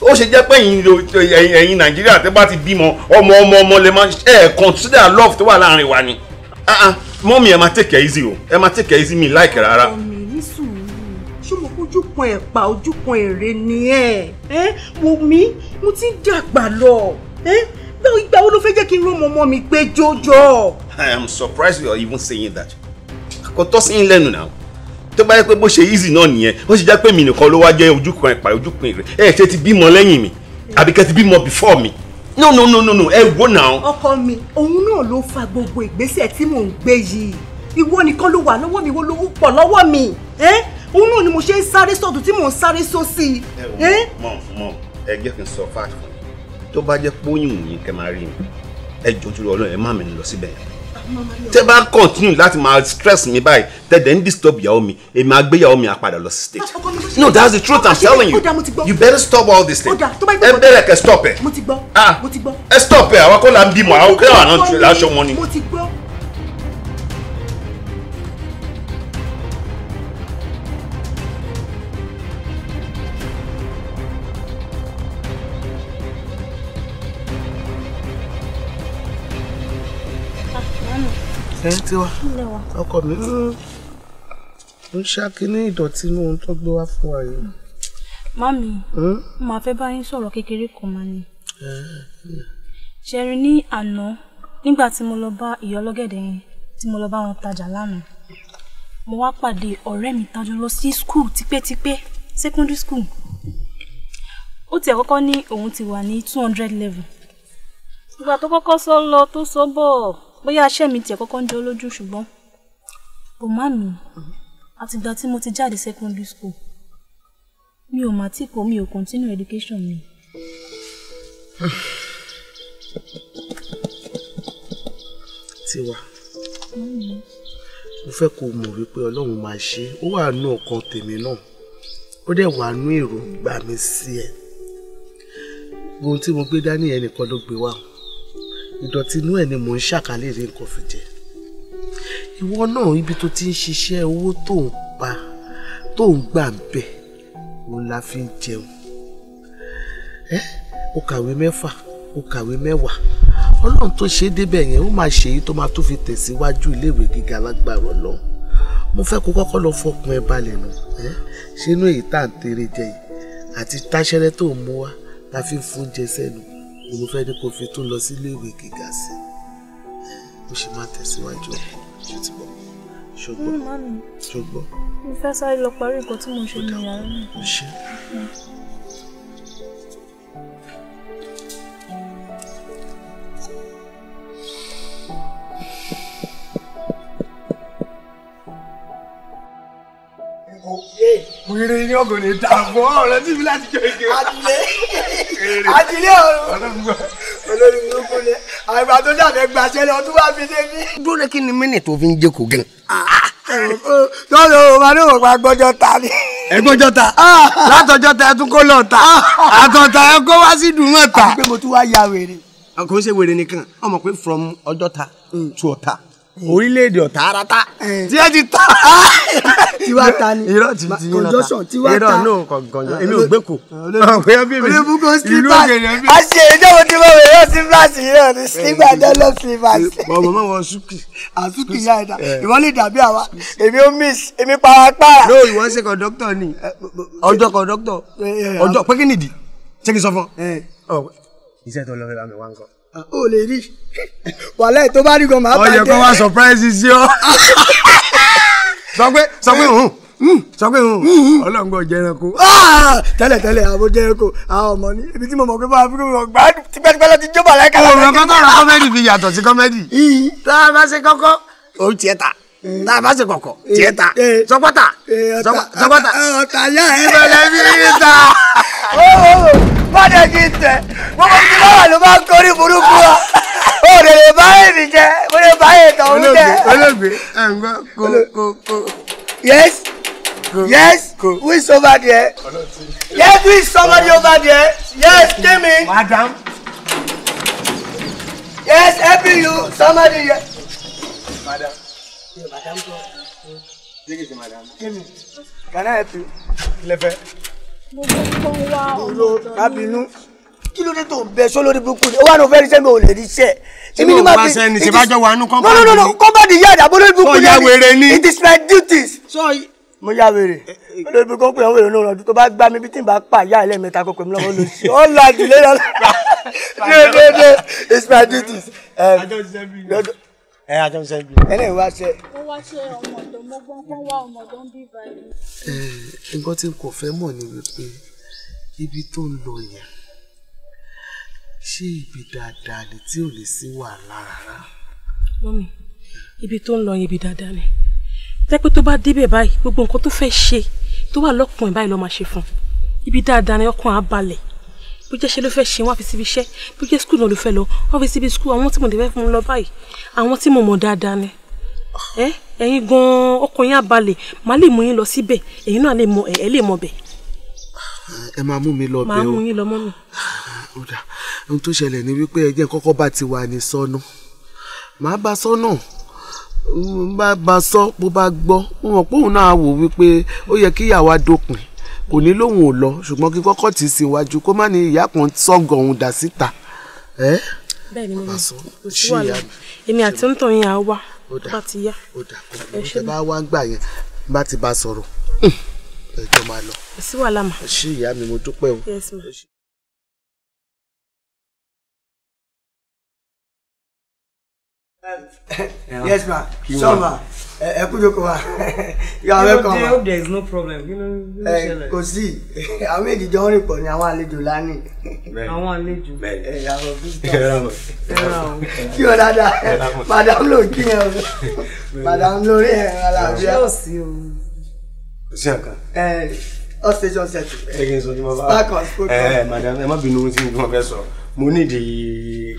ó ṣe jẹ́ pé ẹ̀yin nàìjíríà tẹ́ bá ti bímọ ọmọ ọmọ ọmọ lè máa ẹ̀ consider love tó wà láàrin wa ni ah, ah, mọ́mí ẹ máa take it easy o ẹ máa take it easy mi like rárá ojúkan ẹ̀pà ojúkan èrè ni ẹ̀ ẹ́ wò mí mo ti ń dàgbà lọ ẹ́ báwo ìgbà wo ló fẹ́ jẹ́ kí n rán ọmọ mi pé jọjọ. I am surprised you are even saying that kò tọ́ sí yín lẹ́nu náà tó bá yẹ pé bó ṣe easy náà nìyẹn ó ṣe jẹ́ pé mi nìkan ló wá jẹ́ ojúkan ẹ̀pà ojúkan èrè ẹ̀ ṣe ti bímọ lẹ́yìn mi àbí kẹ́ ti bímọ before mi no no no no no ẹ wo náà. ọkọ mi òun náà ló fa gbogbo ìgbésẹ̀ tí mò ń gbé yìí ìwọ nìkan ló wà lọ́wọ́ mi ìwọ ló wù pọ̀ lọ́wọ́ mi. Eh? òun náà ni mo ṣe ń sáré sọ́tún tí mò ń sáré sósì. ẹ mọ mọ ẹ jẹ́ kí n sọ fáàtì fún mi tó bá jẹ́ póyìn yìí kẹ́ máa rí mi ẹ jọ ojú ọlọ́run ẹ má mi lọ síbẹ̀ yẹn tẹ bá continue láti máa stress mi báyìí tẹ̀dẹ̀ ń disturb ìyàwó mi èmi àgbéyàwó mi àpadà lọ sí stage no that's the truth i'm telling you you better stop all this thing ẹ bẹ̀rẹ̀ kẹ́ stop ẹ ah, ẹ stop ẹ àwọn kọ́ là ń bímọ àwọn kọ́ là ń ṣe wọn ni. ẹ ti wá ọkọ mi mm, ń ṣáàkì ní ìdọ̀tí inú ohun tó gbé wá fún wa yìí. mami hmm? mo máa fẹ́ bá yín sọ̀rọ̀ kékeré kan máa ní. ṣẹ́rí ní àná nígbà tí mo lọ bá ìyá ọlọ́gẹ̀dẹ̀ yẹn tí mo lọ bá wọn tajà lánàá mo wá pàdé ọ̀rẹ́ mi tájọ lọ sí skul tipẹ́tipẹ́ secondary school ó tiẹ̀ kọ́kọ́ ní òun ti wà ní two hundred level ìgbà tó kọ́kọ́ sọ lọ tó sọ bọ̀ bóyá aṣẹ́ mi tiẹ̀ kọ́kọ́ ń jọ lójú ṣùgbọ́n bò má mi àtìgbà tí mo ti jáde secondary school mi ò mà tí kò mi ò continue education mi. tiwa mo fẹ́ kó mọ̀ wípé ọlọ́run máa ṣe ó wà nù ọkàn tèmi náà ó dẹ̀ wà nù èròǹgbà mi sí ẹ̀ ohun tí mo gbé dání ẹnìkan ló gbé wá. Mm -hmm ìdọ̀tí inú ẹ̀ ni mò ń ṣàkálẹ̀ rí nǹkan fi jẹ ìwọ náà ibi tó ti ń ṣiṣẹ́ owó tó ń pa tó ń gbà ń bẹ̀ òun la fi ń jẹun ẹ o kàwé mẹ́fà o kàwé mẹ́wàá ọlọ́run tó ṣe é débẹ̀ yẹn ó máa ṣèyí tó máa tó fi tẹ̀síwájú iléèwé gíga lágbára ọlọ́run mo fẹ́ kó kọ́kọ́ lọ fọkùn ẹ balẹ̀ nù ẹ ṣínú èyí tá à ń tere jẹ yìí àti táṣẹ́rẹ́ tó ń mú wá la fi ń fún oúnjẹ sẹ́nu mo fẹ́ ní kó fi tún lọ sílé ìwé gíga sí i ó sì máa tẹ̀síwájú ṣó ti bọ̀ ṣó gbọ́ ṣó mm, gbọ́. mo fẹ́ sáré lọ parí nǹkan tí mo ṣe ní ìyàrá náà. wíìrì ní ọgọ lè dà bọ tí mi láti ike. àdìlẹ àdìlẹ ọ̀rọ̀ olórí burúkú ni àgbà tó dàbẹ gbàṣẹ lọ tó bá fi dé dúró kí ni mínì tó fi ń jẹ kó gẹ. lọ́dọ̀ gbọ́jọ́ ta ni. ẹ ta ah. látọjọ́ ta ẹ kó lọ ta ah. àtọ̀tà wá sí ta. àti pé mo tún wá ya wèrè. wèrè nìkan ọmọ pé from ọjọ́ ta mm. to ọ̀ta. Eh. orílẹ̀-èdè ọ̀tá arata eh. tí ẹ ti ta. [LAUGHS] tiwa ta ni irọ́ ti ti yín lọ́ta irọ́ náà kọ̀ǹgàn eh, èmi ò gbé kù. olùbùkún slippers a ṣe ìjọba tí mo wèrè slippers yìí náà ni slippers dọ́lọ́ slippers. bọ̀bọ̀ mọ̀ wọ súkì. àsúkì yá ẹ̀dá ìwọ lè dàbí àwa èmi ò miss èmi parapara. no ìwọ ṣe kọ̀ǹdọ́kítọ̀ ni ọjọ́ kọ̀ǹdọ́kítọ̀ ọjọ́ pé kí nìdí ṣé kí n sọ fún ọ. Oh, iṣẹ́ tó lọ fẹ́ bá mi wá ń kọ́ ó lè rí wàhálà tó bá rí gan máa bàjẹ́. ọyẹ kan wá surprise sí ọ sọ pé sọ pé òun sọ pé ọlọ́ngbọ́n jẹranko. Ah, tẹ́lẹ̀ tẹ́lẹ̀ àwọn jẹranko àwọn ọmọ ní ibi tí mo mọ̀ pé bá a fi kọ́ gbà tipẹ́tipẹ́lẹ́ ti jọba láìka. òòrùn kan tọrọ kọ́mẹ́dì fi yàtọ̀ sí kọ́mẹ́dì. tá a bá ṣe kọ́kọ́ òun tiẹ̀ ta mm. tá a bá ṣe kọ̀kọ̀ tiẹ̀ ta eh, eh. sọpọ́tà eh, sọpọ́tà. ọ̀tà ẹ̀ bẹ̀rẹ̀ bí ta. [LAUGHS] Oh, oh, oh bọ́dẹ̀ kì í tẹ̀ gbogbo tí bá wà ló bá ń torí burúkú wa ó lè lè bá èmi jẹ ó lè bá yes yes who is over there yes who is somebody over there yes in. Madam. yes helping you somebody yes. madam madam go. Can I help you? Level kábínú kí ló dé tó ń bẹ sólórí burúkú ó wà ní òfé ríṣẹ́ mi ò lè ríṣẹ́. èmi ni màá fi ṣe ní ṣèbájọ wa nù kọ́mpáàdì. no no no kọ́mpáàdì yá àdàbọ̀ lórí burúkú yẹn ni it is my duties. mo yá eh, eh, wèrè lórí burúkú pé àwọn èrò náà ọdún tó bá gbá mi bí tí n bá pa ìyá ẹlẹ́mẹ̀ta kó pè mí lọ́wọ́ lóṣù ó lọ àdìlẹ́ náà. no no no it's my duties ẹ ajọ ń ṣẹ́jú. ẹlẹ́yìn wá ṣe. ó wá ṣe ọmọ ọ̀dọ́ mo gbọ́n kán wá ọmọ ọ̀dọ́ ń bí báyìí. nǹkan tí n kò fẹ́ mọ̀ ni wípé ibi tó ń lọ yẹn ṣé ibi dáadáa ni tí ò lè sí wàhálà rárá. mọ́mí ibi tó ń lọ yẹn ibi dáadáa ni tẹ́pẹ́ tó bá débẹ̀ báyìí gbogbo nǹkan tó fẹ́ ṣe tó wà lọ́kùnrin báyìí ló máa ṣe fún ibi dáadáa ni ọkàn á balẹ̀ bó jẹ́ ṣe ló fẹ́ ṣe wọ́n fi síbi iṣẹ́ bó jẹ́ skul náà ló fẹ́ lọ wọ́n fi síbi skul àwọn tí mo lè fẹ́ fún un lọ báyìí àwọn tí mo mọ̀ dáadáa ni ẹ̀yin gan-an ọkàn yín abalẹ̀ màá lè mú yín lọ síbẹ̀ ẹ̀yin náà ẹ̀ lè mọ bẹ̀. ẹ máa mú mi lọ bẹ́ẹ̀ o máa mú yín lọ mọ́ mi. ohun tó ṣẹlẹ̀ ni wípé ẹ jẹ́ kọ́kọ́ bá ti wà ní sọ́nà màá bá sọ́nà bá bá sọ bó bá gbọ́ wọn pòun náà wò wípé ó yẹ kíyàwó á dópin òní lòun ò lọ ṣùgbọ́n kí kọ́kọ́ tì í sí iwájú kó má ní ìyá kan sọ́gàn òun dà síta. bẹ́ẹ̀ni mo kò sí wàhálà èmi àti ntọ yẹn á wá bá ti yá. ó dà kó ló ń bá wá gbà yẹn bá ti bá sọ̀rọ̀ hmm. ẹjọ́ máa lọ. kò sí wàhálà mà. ìyá mi mo dúpẹ́ o. yes ma. yes ma sọ ma ẹ kú jókòó wa [LAUGHS] you are welcome. I hope there is no problem. ẹ kò sí [LAUGHS] àwọn èdè jọ ń rìn pọ̀ ní àwọn àlejò lánìí. àwọn àlejò. ẹ àwọn visitors. [LAUGHS] kí o dáadáa madam ló kí ẹ o madam lórí ẹ alábíà. ṣé o sí o. ṣé àká. ẹ all station set. ṣé kí n sọ ní mo bá. back on spoke. ẹ madam ẹ má bínú sí mi kí wọn fẹ́ sọ mo nídìí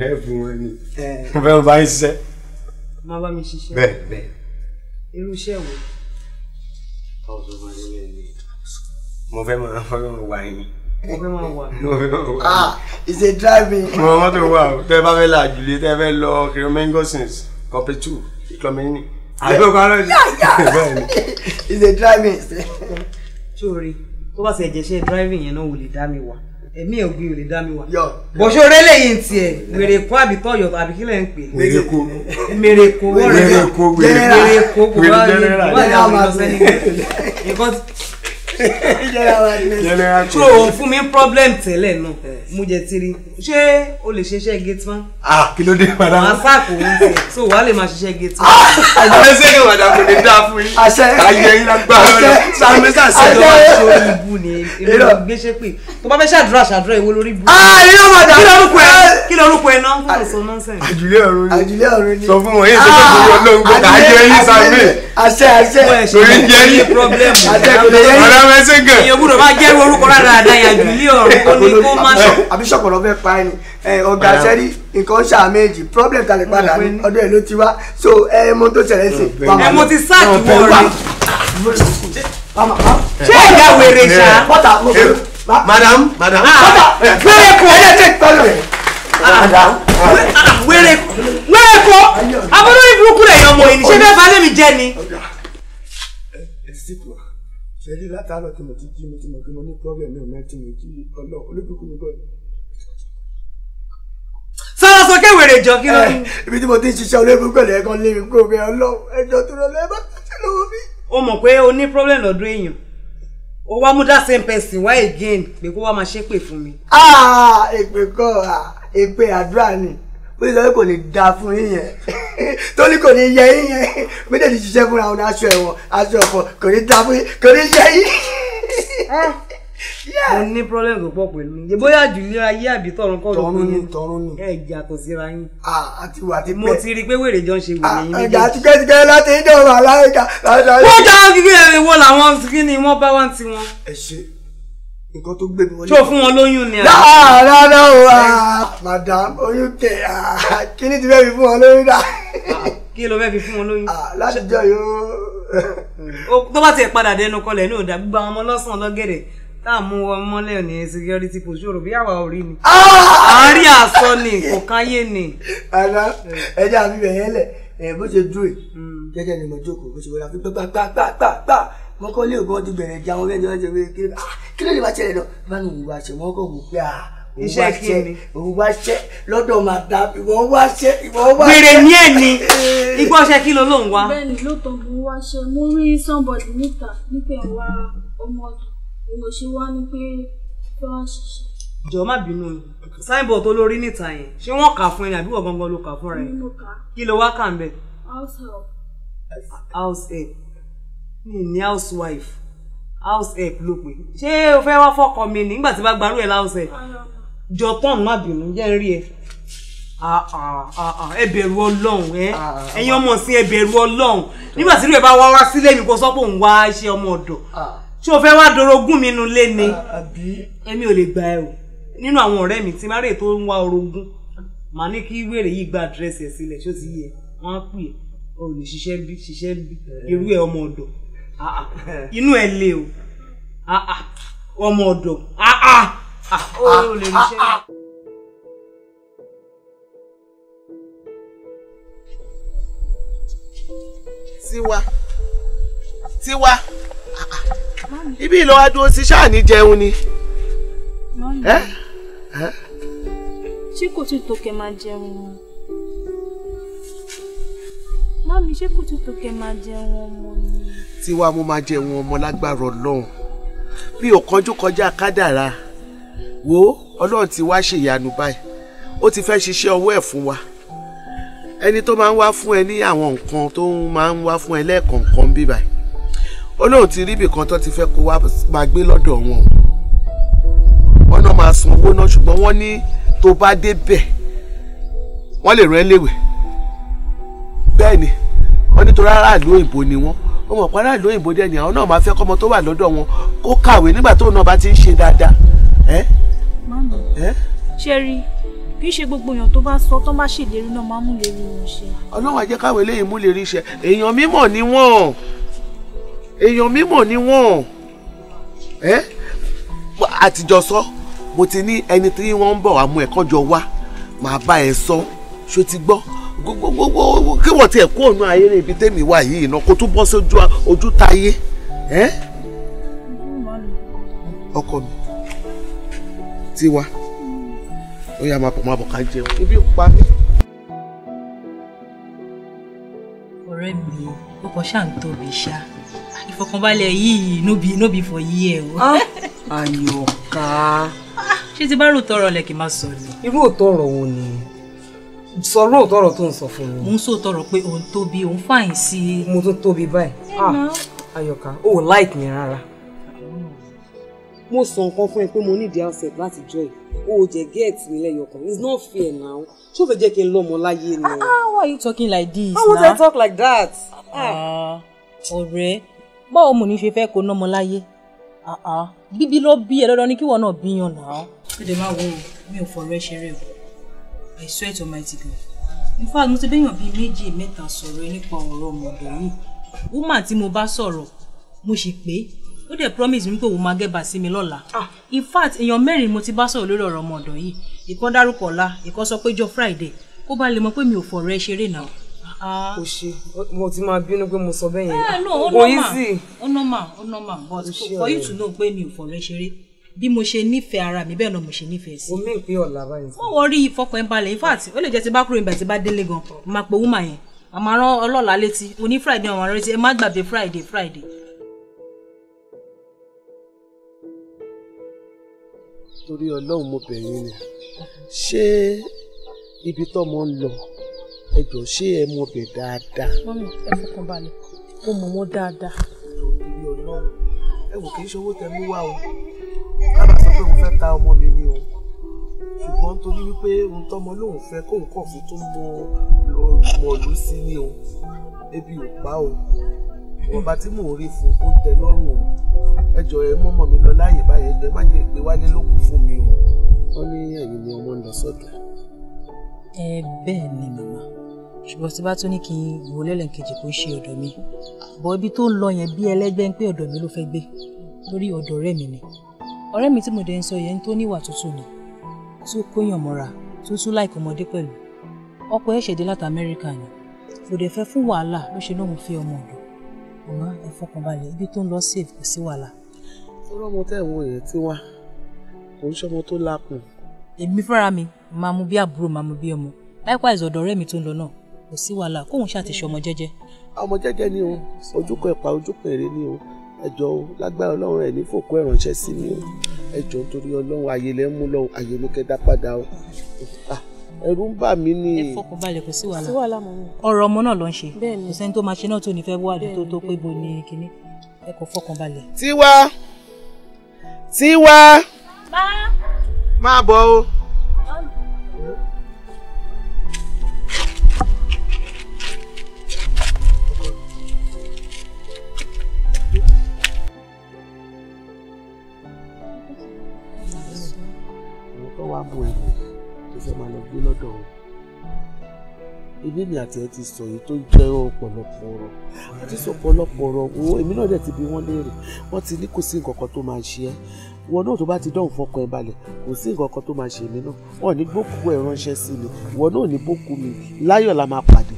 ẹ fún wọn ni mo fẹ́ bá yín ṣiṣẹ́ máa bá mi ṣiṣẹ́. bẹ́ẹ̀ bẹ́ẹ̀. irú iṣẹ́ wo. ọ̀sán máa ní bẹ́ẹ̀ ni mo fẹ́ máa mo fẹ́ máa wà yín. mo fẹ́ máa wà yín. mo fẹ́ máa wà yín. ah it's a driving. mo mọ mọ́tò wà o tẹ́ ẹ bá fẹ́ la àjùlé tẹ́ ẹ fẹ́ lọ kìrìmẹ́ngọ́sìns kọ́pẹ́ tù ìkọ́mẹ́ni. àbẹ́ òkú arọ́ ni [LAUGHS] bẹ́ẹ̀ ni. it's a driving. sórí tó bá ṣe jẹ́ ṣe driving yẹn náà wò lè dá mi wà èmi ò gbin ò lè dá mi wá. bọ̀ṣọ́ rẹ́lẹ̀ yìí ti ẹ̀ mèrèkó àbí tọ́yọ̀ àbí kílẹ̀ ń pè. mèrèkó mèrèkó wọ́n rẹ̀ mèrèkó mèrèkó kò bá yẹ kó wá yà wọ́n lọ sẹ́yìn. [LAUGHS] so fún mi problem tẹ́lẹ̀ náà mo jẹ tiri ṣé o lè ṣiṣẹ́ gate man. ah kí ló dé madam. màá sáàkó oúnjẹ so wàá lè máa ṣiṣẹ́ gate man. àjọ ẹsẹ̀ yìí madam kò ní dáa fún yín. àṣẹ ayé yín lágbára lọ sàmísà ṣe. àjọ aṣọ ìbú ni èmi ò gbé ṣe pé tó bá fẹ́ ṣàdúrà ṣàdúrà ìwọ lórí ibú. ah iná madam kí lorúkọ ẹ eh. kí lorúkọ ẹ náà fún ọ̀sán nọ́ọ̀sẹ̀. àjùlé ọ̀run ni àjùlé ọ̀run ni sọ fún wọn yéé ṣe pé gbogbo ọlọ́run gbọ́dọ̀ àjọ ẹyin sàmì. àṣẹ àṣẹ ọmọ ẹsẹ gan. èèyàn gbúdọ̀ máa jẹ́ orúkọ rárá àdáyà jùlí ọ̀rọ̀ kó ní kó má sọ. àbí sọ̀kọ̀rọ̀ pa ẹni ọ̀gá sẹ́rí nǹkan ṣàmẹ́jì problem kalẹ̀ padà ní ọdún ẹ̀ ló ti wá so ẹ mọ tó ṣẹlẹ̀ sí. ẹ mo ti sáàkì wọ rẹ. ṣé ẹ̀dá wèrè ṣá. madam madam. wèrè kù ẹ̀yẹ tẹ̀ tọ́lù rẹ̀. wèrè kù wèrè kù abọ́dọ́ ìbúrúkú rẹ̀ yan ọmọ yìí ṣé bẹ́ẹ̀ bá ṣe rí látàárọ̀ tí mo ti jí mi tí mo gbé mo ní problem mi ò mẹ́tí mo jí ọlọ́ olókùnkùn mi bọ́ọ̀lù. sọ́dọ̀ sọ kéwèrè jọ kí ló ń. Eh, ibi tí mo ti ń ṣiṣẹ́ olóògùn pẹ̀lú ẹ̀kan lé mi kúrò bẹ́ẹ̀ ọlọ́ tó lọ lẹ́ẹ̀ bá tẹ̀sí lọ́wọ́ mi. o mọ̀ pé o ní problem lọ́dún èèyàn o wá mú that same person wá again pé kó wá máa ṣépè fún mi. ah èpè kọ́ ah, èpè àdúrà ni ó sì sọ pé kò ní da fún yín [LAUGHS] torí kò ní yẹ yín méjèèjì ṣiṣẹ́ fúnra wọn aṣọ ẹ̀wọ̀n aṣọ ọ̀fọ̀ kò ní da fún yín kò ní yẹ yín. [LAUGHS] Eh? mo ní problem tó pọ̀ pẹ̀lú yín bóyá jùlọ ayé àbí tọ̀run kọ́ ló kún yín tọ̀run ni ẹ yàtọ̀ síra yín. àti wà ti pẹ́ mo ti rí i pé wèrè jọ ń ṣe wèrè yín méjèèjì. àti pẹ́ẹ́tipẹ́ láti ìjọba aláìka. wọ́n dá kíkẹ́ wọ làwọn kíni wọ́n bá wá ti wọn. ẹ ṣe nǹkan tó gbé mi wọlé. tó fún wọn lóyún ni. rárá rárá o ah, madam oyún tẹ ah, kí ni ti fẹ́ fi fún wọn lóyún dá. Ah, kí ló fẹ́ fi fún wọn lóyún. látijọ́ yóò. tó bá tiẹ̀ padà dẹnu kọlẹ̀ ní òdà gbogbo àwọn ọmọ lọ́sàn-án lọ́gẹ̀dẹ̀ tá à mú wọn mọ́lẹ̀ ní security post yóò rò bí àwa ò rí ni. àárín àsọ ni kò káyé ni. àná ẹja mi bẹ̀yẹn lẹ̀ eh, bó ṣe dúró hmm. gẹ́gẹ́ ni mo jókòó bó ṣe wọlé àfi gbàgbàgbàgbàgbà wọn kọ́ lé ògbọ́n ti bẹ̀rẹ̀ jà wọn lẹ́nu ọ̀sẹ̀ wẹ́ẹ́ kí kí ló lè bá ṣẹlẹ̀ lọ bá ní ìwà ṣẹ̀ wọn kọ́ wò pé à ah, iṣẹ́ kí ni òun wá ṣẹ́ lọ́dọ̀ màdá ìwọ wá ṣẹ́ ìwọ wá ṣẹ́. wèrè ní ẹ̀ ni [LAUGHS] igbó ọṣẹ kí ló lóun wá. bẹ́ẹ̀ni lóòótọ́ mo wá ṣe mo rí somebody níta nípa ìwà ọmọ ọdún mo ṣe wá ní pé kí wọ́n ṣiṣẹ́ jọ má bínú signboard tó lórí níta yẹn ṣé wọn kà fún ẹni àbí wọn gangan ló kà fún rẹ kí ló wá kà ń bẹ. house help. house help mi ní housewife house help ló pè ṣé o fẹ́ wá fọ́kọ mi nígbà tí bá gbarú ẹ̀ house help jọ tán má bínú jẹ́ ń rí ẹ ẹ bẹ̀rù ọlọ́run ẹ ẹ̀yin ọmọ sí ẹ bẹ̀rù ọlọ́run nígbà tí ìlú ẹ bá wá wá sílé mi kó sọ pé òun wá ṣe ọmọ ọ̀dọ̀ ṣé o fẹ́ wá dorogún mi nu lé ni èmi ò lè gbà ẹ o nínú àwọn ọ̀rẹ́ mi tí má rè tó ń wá orogún màá ní kí wèrè yìí gba àdírẹ́sì ẹ̀ sílẹ̀ ṣó ti yẹ wọ́n á pè é o bí ṣiṣẹ́ bí irú ẹ̀ ọmọ ọ̀dọ̀ Ah, ah. [LAUGHS] inú ẹ lé o ah, ọmọ ọ̀dọ̀ ó lè ní ṣe. tiwa tiwa ibi ìlọ wa dúró sí ṣáà ní jẹun ni. ṣé kò tí tó kẹ́ máa jẹun wọn. mami ṣé kò tí tó kẹ́ máa jẹun ọmọ mi tiwa mo máa jẹ wọn ọmọ lágbára ọlọ́run bí òkànjú kọjá kádàrá wo ọlọ́run ti wá ṣèyanu báyìí ó ti fẹ́ ṣiṣẹ́ ọwọ́ ẹ̀ fún wa ẹni tó máa ń wá fún ẹ ní àwọn nǹkan tó máa ń wá fún ẹ lẹ́ẹ̀kọ̀ọ̀kan bí báyìí olóhùn ti rí ibìkan tó ti fẹ́ kó wá máa gbé lọ́dọ̀ wọn wọn náà máa san owó náà ṣùgbọ́n wọ́n ní tó bá débẹ̀ wọ́n lè rán ẹ léwe bẹ́ẹ̀ ni wọ́n ní tó òyìnbó ni wọ́n ó mọ̀ pàrọ̀ àlọ́ òyìnbó dẹ́ni àwọn náà máa fẹ́ kọ́mọ tó wà lọ́dọ̀ wọn kó kàwé nígbà tóun náà bá ti ń ṣe dáadáa. mami ṣe rí kì í ṣe gbogbo èèyàn tó bá sọ tó bá ṣèlérí náà máa mú lérí wọn ṣe. ọlọ́run á jẹ́ káwé lẹ́yìn mú lérí ṣe èèyàn mímọ̀ ni wọ́n èèyàn mímọ̀ ni wọ́n àtijọ́ sọ mo ti ní ẹni tí wọ́n ń bọ̀ àmú ẹ̀kọ́ jọ wá màá bá ẹ sọ ṣó ti gbọ́ gbogbogbogbo kí wọ́n tiẹ̀ kó ònú ayé rẹ̀ ibi tẹ́mi wà yìí iná kó tún bọ́ sójú ojú táyé ẹ́ ọkọ mi tiwa ó yá máa bọ̀ máa bọ̀ ká jẹun ibi ń pa mí. ọ̀rẹ́ mi ó kọ ṣáà ń tóbi ṣá ìfọkànbalẹ̀ yìí nóbi nóbi fọ yí ẹ o. àyọ̀ká. Ah, ah, ṣé ti bá rò tọrọ lẹ kì í máa sọ ni. irú òtọrọ wo ni sọ lóòótọ́ ọ̀rọ̀ tó ń sọ fún mi. mo ń sọ tọrọ pé òun tóbi òun fàyìn sí i. mo tún tóbi báyìí ah, ayọ̀ká o ò like mi rárá. mo sọ nǹkan fún ẹ pé mo need outset láti joy o ò jẹ get mi lẹ́yọ̀kan it's not fair now ṣé o fẹ́ jẹ́ kí n lọ́mọ láyé ni. ah ah why you talking like this na. how would i talk like that. Ah. Ah, ọ̀rẹ́ báwo mo ní ṣe fẹ́ kó nọ́mọ láyé bíbí ló bí ẹ lọ́dọ̀ ni kí wọ́n náà bíyàn náà. ṣé de máa wo mi ò fọ̀rọ̀ ẹ ṣeré o. I swear to my God. In fact, mo ti béèyàn bíi méjì mẹ́ta sọ̀rọ̀ nípa ọ̀rọ̀ ọmọdé yìí. Woman tí mo bá sọ̀rọ̀, mo ṣe pé ó dẹ̀ promise mi pé òun máa gẹ́bà sí mi Ah. In fact, èèyàn mẹ́rin mo ti bá sọ̀rọ̀ lórí ọ̀rọ̀ ọmọdé yìí. Ìkan dárúkọ ọ̀la, ìkan sọ pé jọ Friday. Kó bá lè mọ pé mi ò fọ̀rọ̀ ẹ ṣeré náà kò ah. ṣe mo ti máa bínú pé mo sọ bẹ́ẹ̀ yẹn eh, kò easy. ó normal ó normal but for you to know pé mi ò fọ̀rọ̀ ṣeré bí mo ṣe nífẹ̀ẹ́ ara mi bẹ́ẹ̀ náà mo ṣe nífẹ̀ẹ́ sí. omi ìpín ọ̀la báyìí. mo wọ rí ìfọkànbalẹ̀ in fact ó lè jẹ́ ti bá kúrò nígbà tí bá délé gan máa pe woman yẹn àmọ́ rán létí oní friday àwọn ará létí ẹ má gbàgbé friday friday. torí ọlọ́run mo bẹ̀ yín ni ṣé ibi tọ́mọ ń lọ ẹ jọ ṣé ẹ mọ bẹ̀ dáadáa. mọ́mí ẹ fọkàn balẹ̀ mo mọ̀ wọ́n dáadáa. torí ọlọ́run ẹ wò kí n ṣe kábà sọ pé òun fẹ́ ta ọmọ mi ni o ṣùgbọ́n torí wípé ohun tọ́mọ lòun fẹ́ kóun kàn fi tó mọ mọ̀lú sí ni o ebi ò pa o ìwọ̀nba tí mò ń rí fún ó tẹ́ lọ́rùn o ẹ ẹ mú ọmọ mi lọ láàyè báyìí ẹ má jẹ́ pé wálé ló fún mi o. wọ́n ní ẹ̀yin ni ọmọ ń lọ sọ́dọ̀. ẹ bẹ́ẹ̀ ni màmá ṣùgbọ́n tí bá tún ní kí n wò lẹ́lẹ́kejì kó ṣe ọ̀dọ̀ mi àbọ̀ ibi tó ń lọ yẹn bí ẹlẹ́gbẹ́ ń pé ọ̀dọ̀ mi ló fẹ́ gbé lórí ọ̀dọ̀ ọ̀rẹ́ mi ni ọ̀rẹ́ mi tí mo dẹ̀ ń sọ yẹn tó níwà tuntun ni tí ó kóyàn mọ́ra tó tún láì kọ́mọdé pẹ̀lú ọkọ ẹ̀ ṣẹ̀dé láti amẹ́ríkà ni kò dẹ̀ fẹ́ fún wàhálà ló ṣe lóun fi ọmọ ọ̀dọ̀ ọmọ ẹ fọkànbalẹ̀ ibi tó ń lọ sí èkó sí wàhálà. tọ́lá ọmọ tẹ́ ìwọ yẹn ti wá kò ń ṣọmọ tó lápò. èmi fúnra mi máa mú bí àbúrò máa mú bí ọmọ likewise ọ̀dọ̀ ọ̀rẹ́ mi tó ń lọ náà kò sí wàhálà kóun ṣàtìṣe ọmọ jẹ́jẹ́. ọmọ jẹ́jẹ́ ni o ojúkọ pa ojúkọ èrè ni o ẹjọ́ o lágbára ọlọ́run ẹ̀ ní fòkó ẹ̀ ránṣẹ́ sí mi o ẹjọ́ nítorí ọlọ́run ayé lẹ́ ń mú lọ́run ayé ní kẹ́dá padà o ah, ẹ̀rù ń bà mí ni. ẹ fọkàn balẹ̀ kò sí wàhálà ọ̀rọ̀ ọmọ náà ló ń ṣe kò sẹ́ni tó máa ṣe náà tó ní fẹ́ wádìí tó tó pé bo ni kinní ẹ kò fọkàn balẹ̀. tiwa tiwa. má. bọ̀ o. tó wàá mú ẹ̀wọ̀ tó fẹ́ máa lọ gbé lọ́dọ̀ wọn. ibi mi àti ẹ ti sọ èyí tó jẹ́ ọ̀pọ̀lọpọ̀ ọ̀rọ̀ àti sọ ọ̀pọ̀lọpọ̀ ọ̀rọ̀ wo èmi náà dẹ̀ ti bi wọ́n léèrè wọ́n ti ní kò sí nǹkan tó máa ṣe ẹ́ wọn náà tó bá ti dọ̀hùn fọkàn ẹ balẹ̀ kò sí nǹkan tó máa ṣe mí náà wọn ò ní gbókù ẹ ránṣẹ́ sí mi wọn náà ò ní gbókù mi láyọ̀ la máa pàdé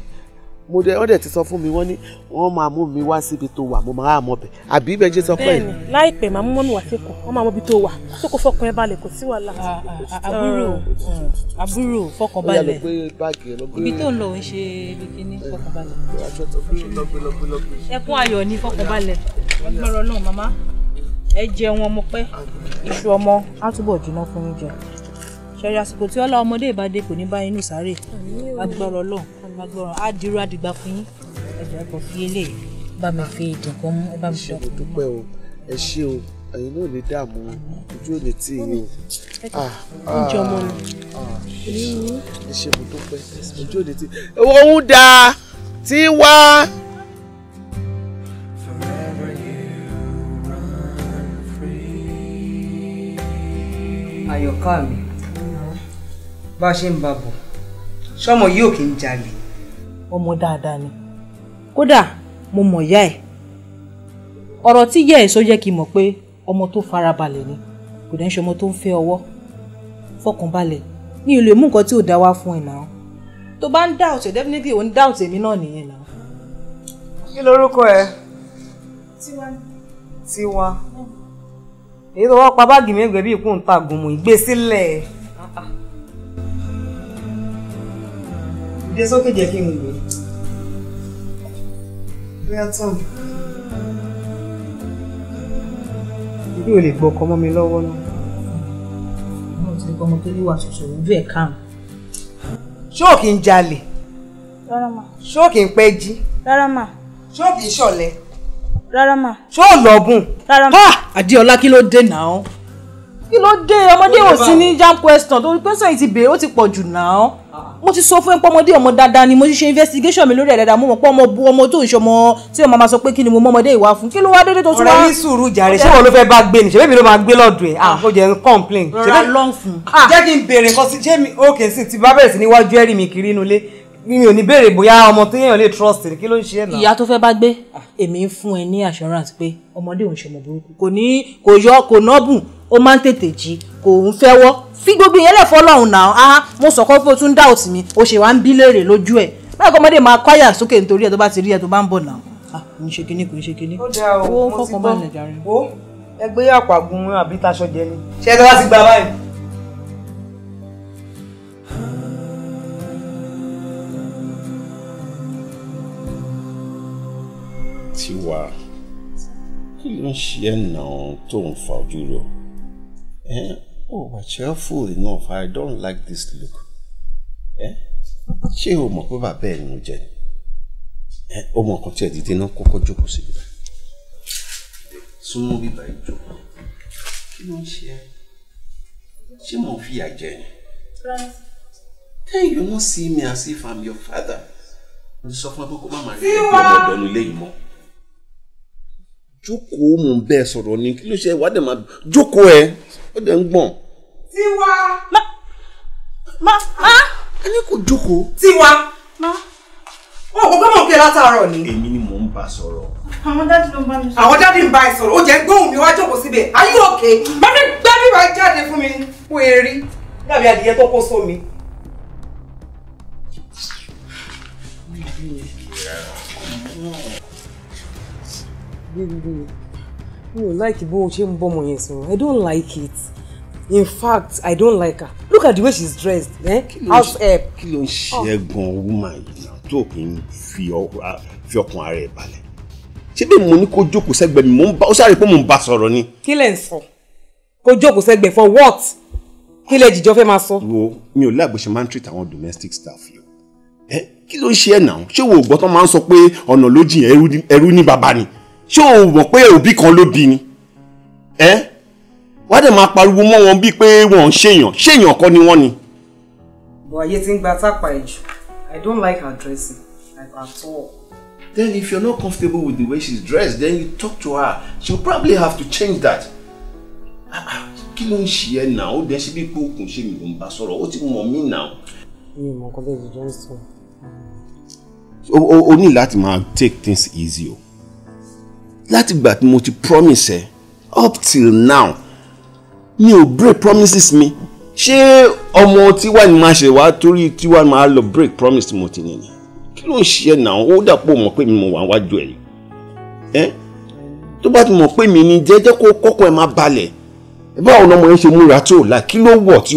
mo dẹ ọdẹ ti sọ fún mi wọ́n ní wọ́n máa mú mi wá síbi tó wà mo máa mọ bẹ àbí bẹ jẹ sọ pé. bẹ́ẹ̀ni láìpẹ́ màá mú mọmi wá sí kan wọ́n máa mọ ibi tó wà tó kò fọkàn ẹ balẹ̀ kò sí wàhálà. àbúrò ah. Ah, àbúrò fọkàn balẹ̀ ibi tó ń lọ ń ṣe bikini fọkàn balẹ̀. ẹkún ayọ̀ ni fọkàn balẹ̀ lọ́rọ̀ náà màmá ẹ jẹun ọmọ pẹ́ iṣu ọmọ á túbọ̀ jìnnà fún yín jẹ ṣẹ̀rí àsìkò tí ọlá ọmọdé ìbàdí kò ní bá inú sáré agbára Ọlọ́run agbọràn á dirú àdìgbà fún yín ẹjọ ẹkọ fi eléyìí bá mi fi ìdìkan mú bá mi sọ. dúpẹ́ o ẹ ṣé o ẹ̀yin náà lè dààmú ojú ò lè tí ì o. oúnjẹ ah, ah, ẹ ṣé mo ojú ò lè tí ì. òun dáa tí wá. àyọ̀ká mi bá a ṣe ń babọ̀ ṣọ́mọ yìí ò kí ń jalè ọmọ dáadáa ni kódà mo mọ̀ ìyá ẹ̀ ọ̀rọ̀ tí yẹ́ ẹ̀ sọ jẹ́ kí n mọ̀ pé ọmọ tó farabalẹ̀ ni kò dẹ́ ń ṣe ọmọ tó ń fẹ́ ọwọ́ fọkànbalẹ̀ mi ò lè mú nǹkan tí ò dá wá fún ẹ náà tó bá ń doubt ẹ definitely ò ń doubt èmi náà nìyẹn náà. kí lorúkọ ẹ. tiwa. tiwa. èyí tó wá pa báàgì mẹ́gbẹ̀ẹ́ bí ìkún ta gùnmù ìgbé sílẹ̀. ìdè sókè jẹ́ kí n gbé. Yàtọ̀. Ìbí ò lè gbọ́ ọkọ mọ́ mi lọ́wọ́ náà. Mo ti gbọ́ ọmọ tó níwà ṣoṣo ojú ẹ̀ kàn. Ṣé ò kí ń jalè? Rárá mà. Ṣé ò kí ń pẹ́ jí? Rárá mà. Ṣé ò kí ń ṣọ̀lẹ? Rárá mà. Ṣé ò lọ́gùn? Rárá mà. Adéọlá kí ló dé náà? Kí ló dé? Ọmọdé ò sí ní jam question torí pé sọ̀yìn ti bèèrè ó ti pọ̀ jù náà mo ti sọ fún ẹ pé ọmọdé ọmọ dáadáa ni mo ti ṣe investigation mi lórí ẹ̀ dáadáa mo mọ̀ pé ọmọ bu ọmọ tó ń ṣọmọ tí ọmọ máa sọ pé kí ni mo mọ ọmọdé ìwà fún kí ló wá dédé tó tún wá. ọ̀rẹ́ ní sùúrù jàre ṣé wọn ló fẹ́ bá gbé ni ṣebí mi ló máa gbé lọ́dọ̀ ẹ̀ ah ó jẹ́ ń complain. rọra lọ́n fún. Ah. Ah. jẹ́ kí n béèrè nǹkan sí ṣé mi òkè sí ti bá bẹ̀rẹ̀ sí níwájú ẹ̀rì mi kiri inú ilé mi ò ní béèrè bóyá ọmọ tó yẹn lè trust ni kí ló ń ṣe náà. ìyá tó fẹ́ bá gbé ah, èmi ń fún ẹ ní assurance pé ọmọdé òun ṣọmọ burúkú kò ní kò yọ kò nọ́bùn ó máa ń tètè jí kò ń fẹ́wọ́ fi gbogbo ìyẹn lẹ̀ fọlọ́run náà ah mo sọ̀kọ́ pé o tún dá òtì mi o ṣe wá ń bí léèrè lójú ẹ̀ báyìí kọ́ ọmọdé máa káyà sókè nítorí ẹ̀ tó bá ti rí ẹ̀ tó bá ń bọ̀ náà ah kò ń ṣe kinní kò ń ṣe kinní. ó dáa o mo ti gbọ́ o ẹgbẹ́ yàpò àgùnmu àbí taṣọ jẹ ni ṣé ẹ ti gba báyìí. tiwa kí ló ń ṣe ẹ̀ náà tó ń fa ojú rò Oh, wà cheerful enough i don't like this look eh? ṣé o mọ̀ pé bàbá ẹ̀ nù jẹ ni eh, o mọ̀ kan tí ẹ̀ dìde náà kọ́kọ́ jókòó síbi báyìí súnmọ́ bíbá yìí jókòó kí ló ń ṣe ẹ́ ṣé mo fi àjẹ ni then you no see me as if i'm your father mo sọ fún ẹ pé kó má máa rí ẹgbẹ́ ọmọdọ́ nílé yìí mọ́ jókòó mò ń bẹ́ẹ̀ sọ̀rọ̀ ni kí ló ṣe wàá dẹ̀ máa jókòó ẹ ó dẹ̀ ń gbọ̀n. Tiwa. Ma ma ma. A ní kò jókòó. Tiwa. Ma. O kò gbọ́dọ̀ pé látàárọ̀ ni. Èmi ni mò ń bá sọ̀rọ̀. Àwọn dádì ló ń bá mi sọ̀rọ̀. Àwọn dádì ń bá ẹ sọ̀rọ̀. Ó jẹ́ gbóhùn mi wá jókòó síbẹ̀. Are you okay? Má fi gbá bíbá jáde fún mi. Kú erí. Dàbí adìyẹ tó kó sómi. Bíbí mi, mi ò láìkì bó o ṣe ń bọ́mọ yẹn sọ̀rọ̀. I don't like it in fact i don't like her look at the way she's dressed eh? house help. kí ló ń ṣe oh. gan woman yìí náà tó kì í fi ọkàn ara ẹ̀ balẹ̀ ṣé bí mo ní kó jókòó sẹ́gbẹ́ mi mo ń bá ó sáré pé mo ń bá sọ̀rọ̀ ni. kí lẹ̀ ń sọ kó jókòó sẹ́gbẹ́ for what kí lẹ̀ jìjọ fẹ́ máa sọ. wo mi ò láàgbé ṣe máa ń treat àwọn domestic staff yìí o ẹ kí ló ń ṣe ẹ náà ṣé wo ògbọ́n tán máa ń sọ pé ọ̀nà ló jìn ẹrú ní bàbá ni ṣé o mọ̀ pé òbí kan ló bí ni ẹ wá dẹ̀ máa pariwo mọ́ wọn bíi pé wọ́n ń ṣèyàn ṣèyàn kọ́ ni wọ́n ni. bọ̀ ayé ti ń gba tápà ẹ̀ jù I don't like her dressing like at all. Then if you're not comfortable with the way she's dressed then you talk to her she'll probably have to change that. Ah, ah, kí ló ń ṣe ẹ náà ó dẹ́ ṣe bí pé òkun ṣe mi ló ń bá sọ̀rọ̀ ó ti mọ̀ mí náà. mi ò mọ̀ kọ́ bẹ́ẹ̀ jẹ́ sọ. o ní láti máa take things easy o láti gbà tí mo ti promise ẹ up till now mi ò break promises mi ṣé ọmọ tiwa ni máa ṣe wá torí tiwa máa lọ break promise tí mo ti ní ni kí ló ń ṣe náà ó dàpọ̀ mọ̀ pé mi mo wà wájú ẹ̀ ẹ́ tó bá ti mọ̀ pé mi ni jẹ́jẹ́ kó kọ́kọ́ ẹ má balẹ̀ báwo lọmọ yẹn ṣe múra tó là kí ló wọ̀ tí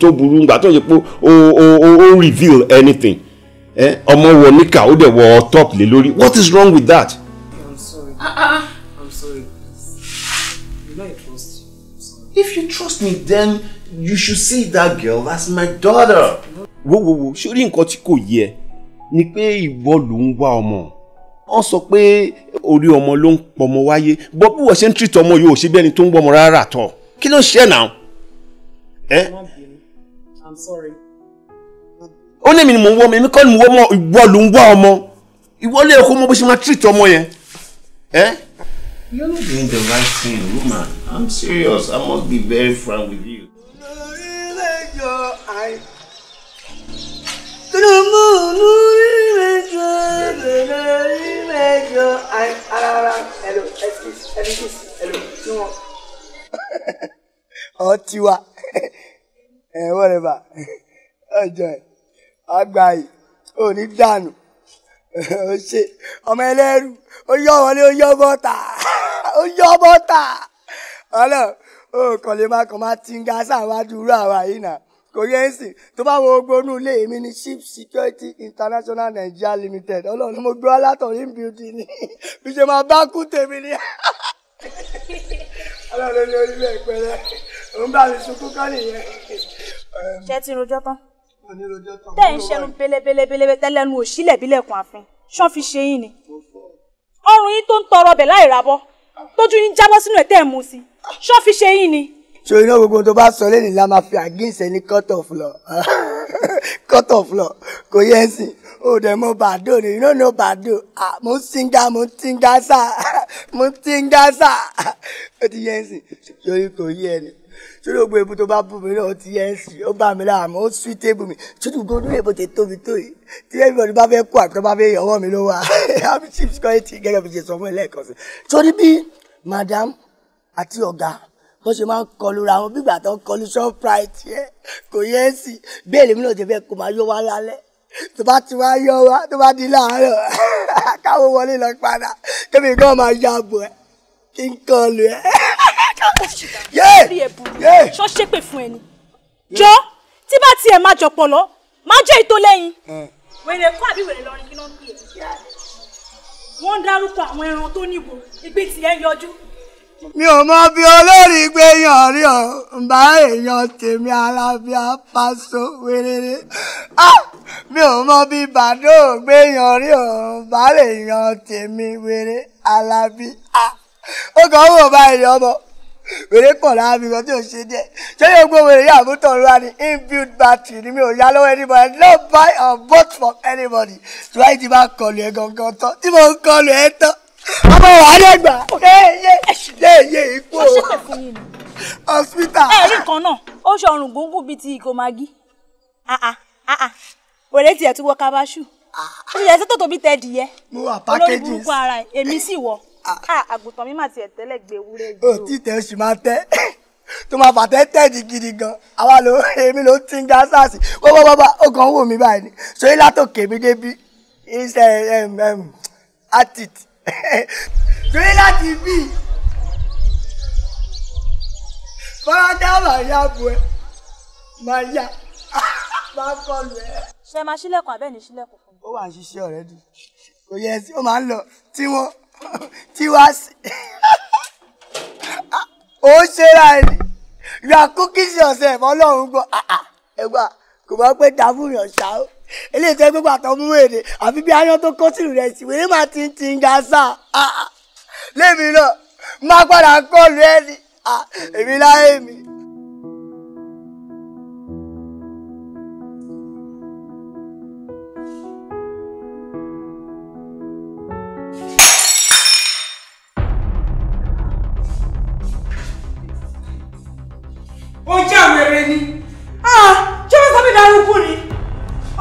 tó burú nígbà tó ṣe pé ó reveal anything ọmọ wọ níkà ó dẹ̀ wọ top lé lórí what is wrong with that. Uh -uh. If you trust me, then you should see that girl as my daughter. Wo wo wo, sórí nǹkan tí kò yẹ ni pé ìwọ ló ń wá ọmọ. Wọ́n sọ pé orí ọmọ ló ń pọmọ wáyé. Bọ́ bí wọ́n ṣe ń tìrìtì ọmọ yóò ṣe bí ẹni tó ń gbọ́mọ rárá tọ̀. Kí ló ń ṣe náà? I'm sorry. Ó ní èmi ni mò ń wọ́ ọmọ, èmi kọ́ ni mò ń wọ́ ọmọ, ìwọ ló ń wá ọmọ. Ìwọ lè kó mọ bó ṣe máa tìrìtì ọmọ yẹn. Eh? You're not doing the right thing, woman. I'm serious. I must be very frank with you. ọ tiwa ẹ wọrẹba ọjọ ẹ agbáyé òní dànù ó [LAUGHS] ṣe ọmọ ẹlẹ́rú ó yọ wọlé ó yọ bọ́ta. [LAUGHS] ó yọ bọ́tà ọlọ o kàn lè máa kàn máa ti ń ga sáwájú irú àwa yìí nà kò yẹ ń sìn tó bá wo gbónú ilé mi ní chief security international nigeria limited ọlọ́run mo gbé alátọ̀rí bíútì ni bí ṣe máa bá kú tèmi ni ọlọ́run ní orílẹ̀ ìpẹ́rẹ́ òun bá mi sunkún kọ́ nìyẹn. ṣé ti rojọ́ tán tẹ́ ń ṣẹnu belebelebele tẹ́lẹ́nu òṣìlẹ̀ bílẹ̀kùn ààfin ṣán fi ṣe yín ni ọrùn yín tó ń tọrọ bẹ̀ láì rabọ́ tójú yín jábọ́ sínú ẹ̀ tẹ́ ẹ̀ mú sí ṣó fi ṣe yín ni. ṣé iná gbogbo tó bá sọ lẹ́nu la máa fi àgínsẹ̀ ní cut off lọ [LAUGHS] cut off lọ kò yẹ ẹ̀sìn o dẹ̀ mo bàdó ni you no know bàdó mo ń tíngá mo ń tíngá sá [LAUGHS] mo ń tíngá sá o [LAUGHS] ti yẹ ẹ̀sìn ṣé kò yẹ ẹni sórí ògbó ebu tó bá bù mí náà ti yẹn sí ó bá mi láàmú ó sùn tébù mi tútù gan olóyè bó ti tóbi tó yìí tí everybody bá fẹ́ kó àbí tó bá fẹ́ yọ ọwọ́ mi ló wà àbí chips kan ti gẹ́gẹ́ bí ṣe sọ fún ẹ lẹ́ẹ̀kan sí. sórí bí madam àti ọ̀gá bó ṣe máa ń kọlu ra wọn bígbà tó ń kọlu Shoprite yẹn kò yẹ ẹ́ sí bẹ́ẹ̀ lèmi náà ti fẹ́ kó máa yọ wá lálẹ́ tó bá ti wá yọ wá tó bá di láàárọ̀ [LAUGHS] káwọn wọlé lọ padà kébì gan máa yàgò ẹ kí n kọlu ẹ. [LAUGHS] yé yé sọ ṣépè fún ẹni jọ tí bá tiẹ̀ máa jọ pọ̀ lọ máa jẹ́ ètò lẹ́yìn. Mm. wèrè kọ́ àbí wèrè lọrin kí ló ń pè é. wọ́n ń dárúkọ àwọn ẹran tó níbo igbe tiẹ̀ ń yọjú. mi ò mọ bí olórí gbé yàn rí ọ bá èèyàn tèmi alábíà paṣọ wérere ah! mi ò mọ bí bàdó gbé yàn rí ọ bá èèyàn tèmi wéré alábíà ah! ó kàn wò bá èèyàn bọ̀ wèrè kọ̀ lára mi kan tí ò ṣe díẹ̀ ṣé yóò gbọ́ wèrè yà mú tọ̀rọ̀ wa ni inbuilt battery ni mi ò yá lọ́wọ́ anybody no buy or bought from anybody tí wáyé ti bá kọlu ẹ gangan tán tí mo ń kọlu ẹ tán ọmọ wàá dẹ́gbà yéye yéye ikú o hospital. ẹ rí kan náà ó ṣe ọrùn gúngún bíi ti ìgò magi ah, ah, ah, wèrè tiẹ̀ tún wọ kábàṣù ó ṣe yẹ sọ́tò tóbi tẹ́ di yẹ olórí burúkú ara ẹ̀ èmi sì wọ̀. Ah, àgùntàn mi máa tiẹ̀ tẹ́lẹ̀ gbé ewúrẹ́ jù. o ti tẹ oṣù máa tẹ tó máa fàtẹ́ tẹ́ẹ̀dì gidi gan àwa ló èmi ló ti ń ga sáàsì bọ́bọ́ bọ́bá ó kàn báyìí ni sóyè látòkè mi débi iṣẹ́ atit sóyè láti bí fọ́nrádá máa yá bu ẹ máa yá [LAUGHS] máa kọlu ẹ. ṣe máa ṣílẹ̀kùn abẹ́ẹ̀ ní ṣílẹ̀kùn fún mi. ó wà ń ṣiṣẹ́ ọ̀rẹ́dì kò yẹ ó máa ń lọ tí wọ́n tiwa sí [LAUGHS] ah, ó ń ṣera ẹni ra kúkìsì ọ̀sẹ̀ ẹ̀fọ́ lọ́run gbọ́ ah, ah, ẹgbà kò bá pé dàbù yàn ṣá o eléyìí tó gbégbà tó mú èdè àfi bí ayan tó kọ́ sílùú rẹ̀ sí wèrè máa ti ń ti ń ga sá lèmi náà máa padà kọlu ẹni èmi láyé mi. ó jẹ́ àwẹ̀rẹ̀ ni. Ah, ṣé wọ́n sọ mi darúgbó ni?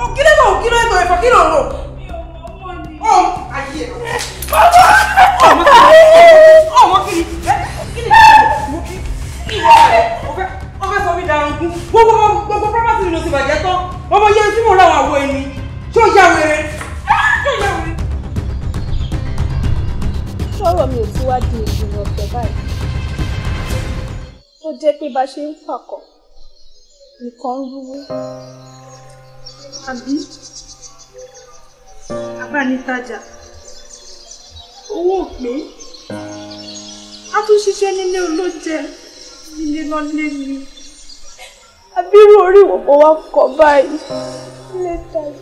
òkìlẹ̀ náà òkìlẹ̀ ètò ìfọ̀kìlọ̀ rò. pé bá ṣe ń pàkọ́ nìkan ń rúwú. àbí abánitajà owó òpè a tún ṣiṣẹ́ nílé olóúnjẹ nílé lọ́lé mi abirú orí òpó wa kọ báyìí nílé tajà.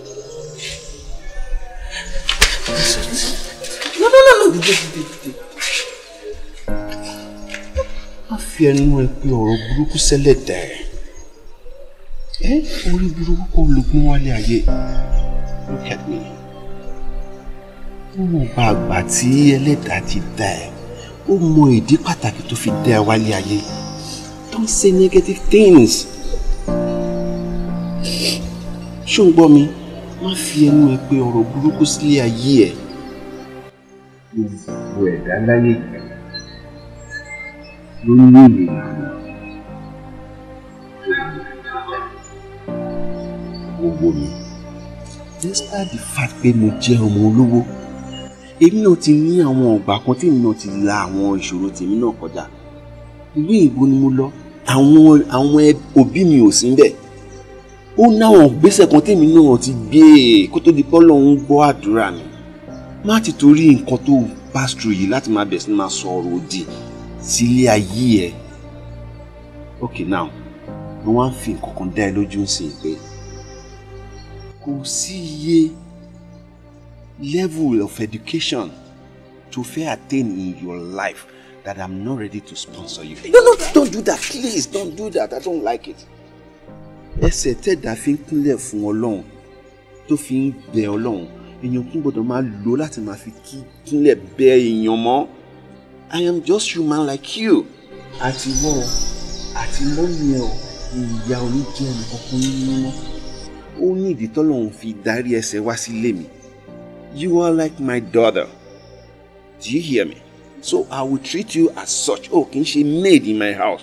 no no no no dìde má fi ẹnu ẹ pé ọ̀rọ̀ burúkú sẹ́lẹ̀ dà ẹ́ ẹ orí burúkú kọ́ look at me mo bá àgbà tí ẹlẹ́dàá ti dà ẹ́ ó mọ ìdí pàtàkì tó fi dá ẹ wálé ayé don't say negative things ṣó ń gbọ́ mi má fi ẹnu ẹ pé ọ̀rọ̀ burúkú sílé ayé ẹ̀ gbogbo ẹ̀dá láyé ló ní ènìyàn owó mi despite the fact pé mo jẹ́ ọmọ olówó èmi náà ti ní àwọn ọgbà kan tí èmi náà ti la àwọn ìṣòro tèmi náà kọjá ìlú ìbò ni mo lọ àwọn àwọn òbí mi ò sí níbẹ̀ ó náwọn gbésẹ̀ kan tèmi náà ti gbé e kó tó di pọ́lọ́ ń gbọ́ àdúrà mi má ti torí nǹkan tó pass through yìí láti máa bẹ̀ sí máa sọ ọ̀rọ̀ òdì sílé ayé ẹ ok now mo wá ń fi nǹkan kan dá ẹ lójú ńsìn pé kò sí iye level of education to fair attain in your life that I'm not ready to sponsor you. no no don't do that please don't do that I don't like it. ẹsẹ̀ tẹ̀dá fi ń kúnlẹ̀ fún ọlọ́run tó fi ń bẹ ọlọ́run èèyàn tún gbọ́dọ̀ máa lò láti máa fi kí kúnlẹ̀ bẹ èèyàn mọ́. I am just human like you. Àti wọ́ àti mọ́mí ẹ ò ìyá ò ní jẹ́ ẹnìkankan nínú Ó ní ìdí tọ́lọ́run fi darí ẹsẹ̀ wá sílé mi. You are like my daughter. Do you hear me? So I will treat you as such. Oh, kì í ṣe maid in my house.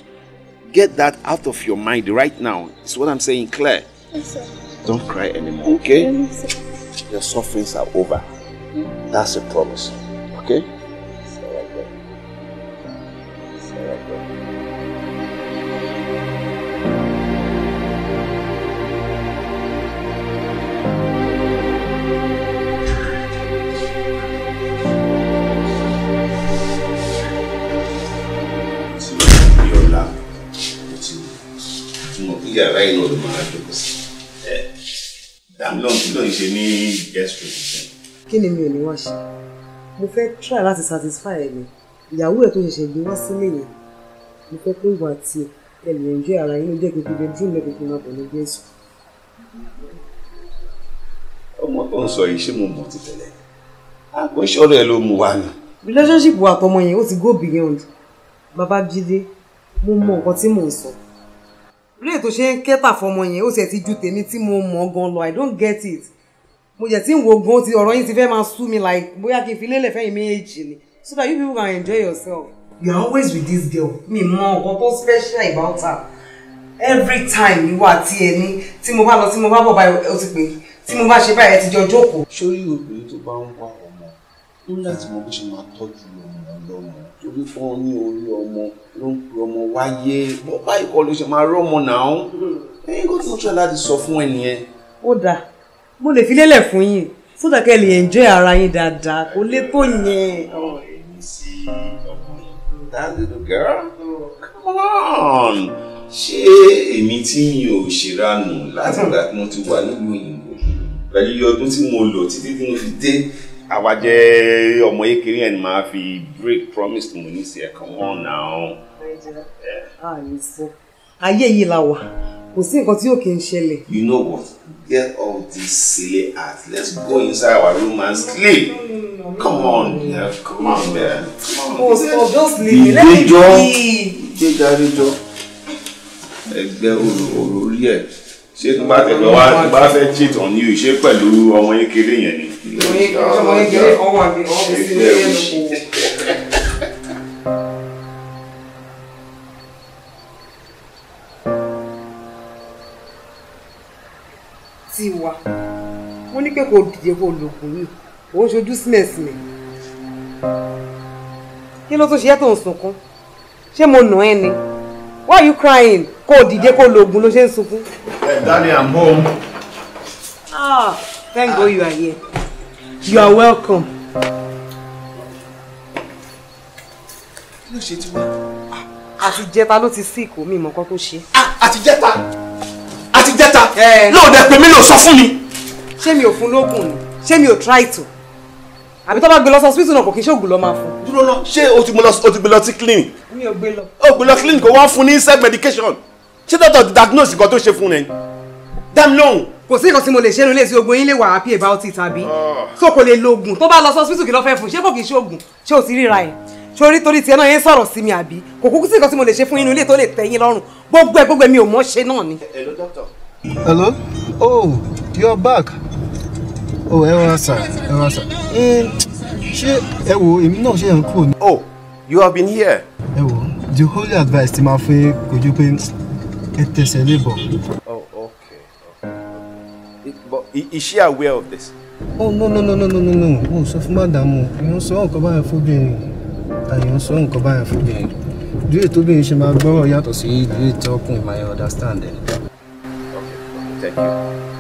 Get that out of your mind right now. It's what I'm saying, Claire. Yes, sir. Don't cry anymore, okay? Yes, sir. Your sufferings are over. That's a promise, okay? yàrá yìí náà ló máa jókòó sí ẹ dàmí kí ló ń ṣe ní guest room. kí ni mi ò ní wá ṣe mo fẹ́ try láti satisfy ẹ̀ ni ìyàwó ẹ̀ tó ṣẹ̀ṣẹ̀ gbé wá sílé yẹn mo fẹ́ pé ìwà tiẹ̀ ẹ̀lì ẹ̀jẹ̀ ara yín ló jẹ́ kékeré bedroom lẹ́kọ̀ọ́kọ́ máa bọ̀ ní jésù. ọmọ tó ń sọ yìí ṣé mo mọ̀ ti tẹ̀lẹ̀ àkóṣọ́rọ̀ ẹ̀ ló mú wa ni. relationship wa àtọmọ yẹn ó ti go beyond Baba, jíde mo mọ nǹkan tí mò ń sọ rí ètò ṣe ń kẹ́tà fọmọ yẹn ó sì ti ju tèmi tí mo mọ̀ gan lọ i don't get it mo jẹ̀ tí ń wo gan ti ọ̀rọ̀ yín ti fẹ́ máa sú mi like bóyá kí n fi lélẹ̀ fẹ́yìn méjì ni so that you people can enjoy yourself. you are always with this girl. mi mọ nǹkan tó special about her every time ìwọ àti ẹni tí mo bá lọ tí mo bá bọ̀ báyìí ó ti pè tí mo bá ṣe báyìí ẹ ti jọ jókòó. sórí obìnrin tó bá ń wá ọmọ ó láti mọ bó ṣe máa tọ́jú ọmọ ọlọ́run torí fún ọ ní orí ọmọ ló ń pe ọmọ wáyé bó báyìí kọ́ ló ṣe máa rí náà ó ẹyin kó tí mo try láti sọ fún ẹ nìyẹn. ó dáa mo lè fi lélẹ̀ fún yín sódà kẹ́ lè enjoy ara yín dáadáa kó lè tó yẹn. that little girl come on ṣé èmi tí mi ò ṣèrànù láti ìgbà tí mo ti wà nílùú òyìnbó pẹ̀lú iye ọdún tí mo lò títí tí mo fi dé àwa jẹ́ ọmọ kékeré ẹ̀ ni màá fi break promise mo ní sí ẹ̀ come on now. Ah, ayé yìí la wà kò sí nǹkan tí yóò kí n ṣẹlẹ̀. you know what get all this silly art let's go inside our room and sleep come on yeah, come on there. o sọ just leave me let me be. ìgbẹ́jọ́ ìgbẹ́jọ́ ẹgbẹ́ olórí ẹ̀ ṣé tó bá tẹ̀lé wá tó bá fẹ́ cheat on you ṣé pẹ̀lú ọmọ kékeré yẹn ni. ọmọ kékeré kan wà bí ọmọ kékeré yẹn kò. ti wa mo ní pé kò dìde kò lògùn yìí ò ń ṣojú símẹ̀símẹ̀ kí ló tún ṣe é tó ń sunkún ṣé mo nà ẹ́ ni why are you crying kó o dìde kó o lo oògùn ló eh, daddy i'm home. ah thank God you are here you are welcome. kí ló ṣe tí wọ́n. Ah, àti jẹta ti sí ìkó mi mọ Ah, ati jeta. Ati jeta. àti jẹta eh. lóòdẹ pé mi ló sọ fún mi. ṣé mi ò fún lóògùn ni ṣé mi ò try to àbí tó bá gbé lọ sí hospital náà kò kí n ṣe ògùn lọ máa fún. dúró náà ṣé o ti gbé lọ sí clinic. mi ò gbé lọ. o lọ clinic kò wá fún ní self medication ṣé dọ́tọ̀ ti diagnose nǹkan tó ṣe fún ẹ dam lóhùn. kò sí nǹkan tí mo lè ṣe nílé tí ogun yín lè wà happy about it tàbí ah. so kò lè lo oògùn tó bá lọ sí hospital kí lọ fẹ́ fún ṣé kò kì í ṣe oògùn ṣé o ti ríra ẹ̀ torí torí tiẹ̀ náà yẹn sọ̀rọ̀ sí mi àbí kò kúkú sí nǹkan tí mo lè ṣe hello doctor. hello oh you back o oh, ẹ wá sà ẹ wá sà eh, ṣé ẹ wo èmi náà ṣe ń kú ni. oh you have been here. ẹ wo the holy advice ti máa fún yín kò ju pé ẹ tẹsẹ̀ lébọ̀. oh okay okay but is she aware of this. oh no no no no no no no o sọ fún mádàmú èèyàn sọ nǹkan báyẹn fóbìnrin èèyàn sọ nǹkan báyẹn fóbìnrin ìdílé tóbìnrin ṣe máa gbọ́rọ̀ yàtọ̀ sí ìdílé tí ọkùnrin máa understand ẹ̀. okay okay thank you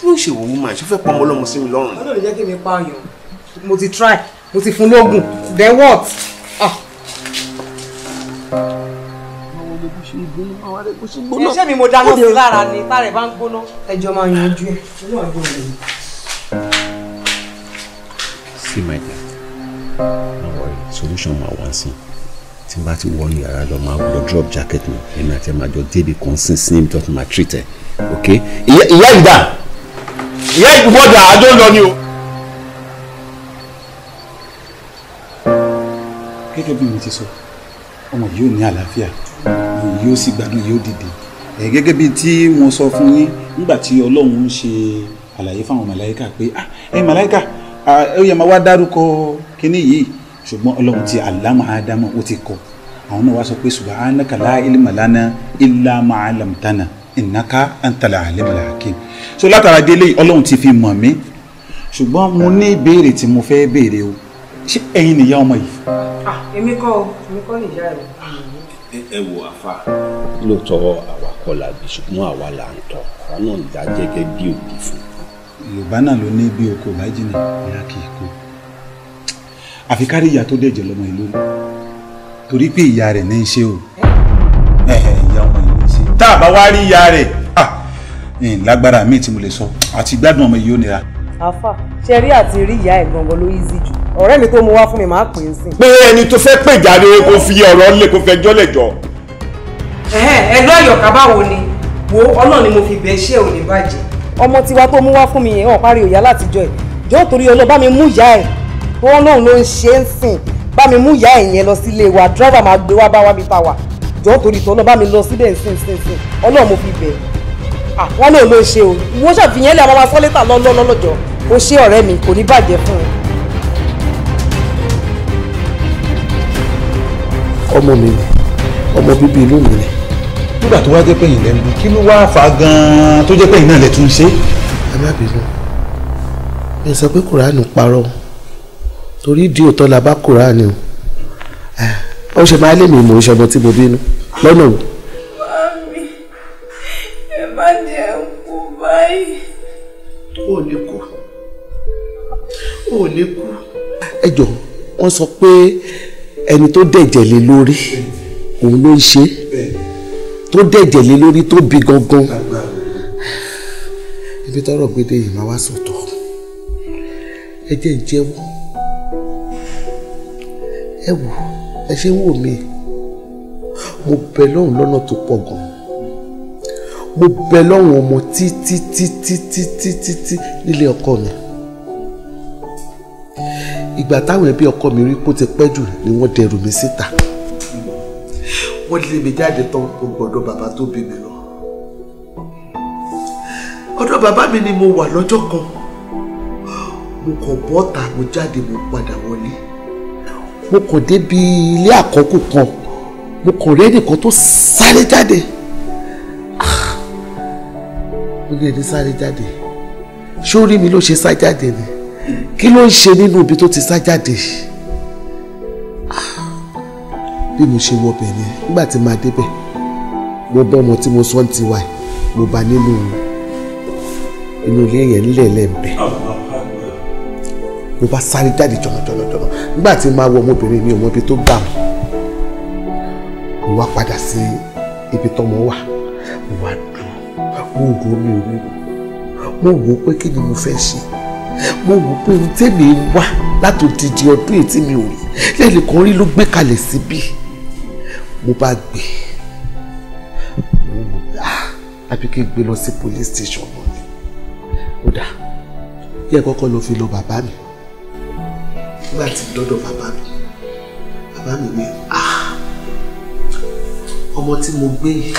kí ló ń ṣe òwú máa ṣe fẹ́ pọmọ ọlọ́mọ sí mi lọ́rùn. wọ́n lè jẹ́ kí mi pa ọyàn mo ti try mo ti fún lóògùn then what. Ah. iṣẹ́ mi mo dáná sí lára ni tá rẹ̀ bá ń gbóná ẹjọ́ máa yanjú ẹ̀ see my dear no worry solution ma wá sí tí n bá ti wọ yàrá lọ máa lọ drop jacket mi èmi àti ẹ̀ máa jọ débi kan sínsìn tó ti máa treat ẹ ok ìyá ìdá yẹ́n bọ́dà àjọ lọ ni o. gẹ́gẹ́ bí mi ti sọ ọmọ yìí ò ní àlàáfíà yóò sì gbádùn yóò dìde gẹ́gẹ́ bí tí wọ́n sọ fún yín nígbà tí ọlọ́run ń ṣe àlàyé fáwọn màláíkà pé ah, ẹ màláíkà ó yẹ máa wá dárúkọ kínní yìí ṣùgbọ́n ọlọ́run ti àlámà ádámà ó ti kọ àwọn náà wá sọ pé subhanaka la ilma lana illa ma alamtana ìnáká ẹ̀ńtàlà àlẹ́mọ̀lá hakim so látara délé ọlọ́run ti fi mọ̀ mí ṣùgbọ́n mo ní ìbéèrè tí mo fẹ́ béèrè o ṣé ẹ̀yin nìyá ọmọ yìí. Ah, èmi kọ́ o èmi kọ́ nìyá rẹ̀. ẹ wo àfa lóòótọ́ àwa kọ́ la bí ṣùgbọ́n àwa là ń tọ́ àwa náà ń dá jẹ́gẹ́ bí òbí fún. yorùbá náà ló ní bí oko bá jìnnà ìyá kì í kó àfi kárí ìyá tó dẹ̀jẹ̀ lọ́mọ ìlú torí pé ìyá rẹ̀ ní í ṣe tá a bá wá rí ìyá rẹ̀ ah, lágbára míì tí mo lè sọ àti gbádùn ọmọ yìí ó nira. àfà ṣe rí àti rí ìyá ẹ̀ gangan ló easy jù ọ̀rẹ́ mi tó mú wá fún mi máa pè é sí. pé ẹni tó fẹ́ pè jáde kó fi ọ̀rọ̀ lé kó fẹjọ́ lẹ̀ jọ. ẹgbẹ́ ọ̀yọ̀ká báwo ni wo ọlọ́run ni mo fi bẹ̀ ṣé ò ní bàjẹ́. ọmọ tiwa tó mú wá fún mi yẹn ọ̀ parí òyà látijọ́ ẹ̀ jọ́ torí ọlọ́ba mi mú ìyá ẹ̀ tó ọlọ́run ló ń ṣe é sìn bá mi mú ìyá ẹ̀ yẹn lọ sílé wa dírọ́bà máa gbé wá bá wá bí ta wà jọ́ torí tọ́lọ́ bá mi lọ síbẹ̀ nsìn nsìn nsìn ọlọ́run mo fi bẹ̀ ẹ́ wọ́n náà ló ń ṣe o ìwọ́n ṣàfihàn lè àwọn ọmọ sọ́lẹ́tà lọ́lọ́lọ́jọ́ o ṣé ọ̀rẹ́ mi kò ní bàjẹ́ fún un. ọmọ mi ni ọmọ bíbí ìlú mi ni. nígbà tó wá jẹ́ pé ìyìn lẹ́nu kí ló wáá fa gan-an tó jẹ́ pé ìyìn náà lè tún ṣe. ẹ má bínú mi sọ pé kùránù parọ́ torí ìdí òótọ́ la bá kùránù o ó ṣe máa lè mi mò ń ṣọmọ tí mo bínú lọ́nà o. mami ẹ má jẹ́ n kú báyìí. o ò ní kú o ò ní kú. ẹ jọ wọ́n sọ pé ẹni tó dẹ̀jẹ̀ lé lórí òun ló ń ṣe tó dẹ̀jẹ̀ lé lórí tó bí gangan ibi tọ́rọ̀ gbédè yìí máa wá sọ̀tọ̀ ẹ jẹ́ ìjẹ́wọ́ ẹ wò ó ẹ ṣe ń wò mí mo bẹ lọ́hùn lọ́nà tó pọ̀ gan mo bẹ lọ́hùn ọmọ títí títí títí títí nílé ọkọ mi ìgbà táwọn ẹbí ọkọ mi rí kó ti pẹ́ jù ni wọ́n dẹrù mi síta wọ́n lé mi jáde tán gbogbo ọ̀dọ̀ bàbá tó bí mi lọ ọ̀dọ̀ bàbá mi ni mo wà lọ́jọ́ kan mo kàn bọ́ta mo jáde mo padà wọlé mo kàn débi ilé àkọ́kù kan mo kàn rí ẹnìkan tó sáré jáde ah! ó ní ẹni sáré jáde ṣé ó rí mi ló ṣe sá jáde ni kí ló ń ṣe nínú ibi tó ti sá jáde ah! bí mo ṣe wọ bẹ̀rẹ̀ nígbà tí màá débẹ̀ mo bá ọmọ tí mo sọ ń tiwa mo bá nínú inú ilé yẹn ńlẹ̀ lẹ́ẹ̀mbẹ̀ mo bá sáré jáde jọ̀nàjọ̀nàjọ̀nà nígbà tí máa wọ ọmọbìnrin mi ọmọbi tó gbà mí mo wá padà sí ibi tọmọ wà mo wá dúró mo rò mi ò ríro mo wò ó pé kí ni mo fẹ́ ṣe mo wò ó pé ohun tèmi wá láti odidi ọdún èyí tí mi ò rí lẹ́nu kan rí ló gbé kalẹ̀ síbí mo bá gbé mo wò ó àbí kí n gbé lọ sí police station mo ní ó dáa yẹ kọ́kọ́ lọ fi lọ bàbá mi nígbà tí dọ́dọ̀ bàbá mi bàbá mi wí ah, ọmọ tí mo gbé yìí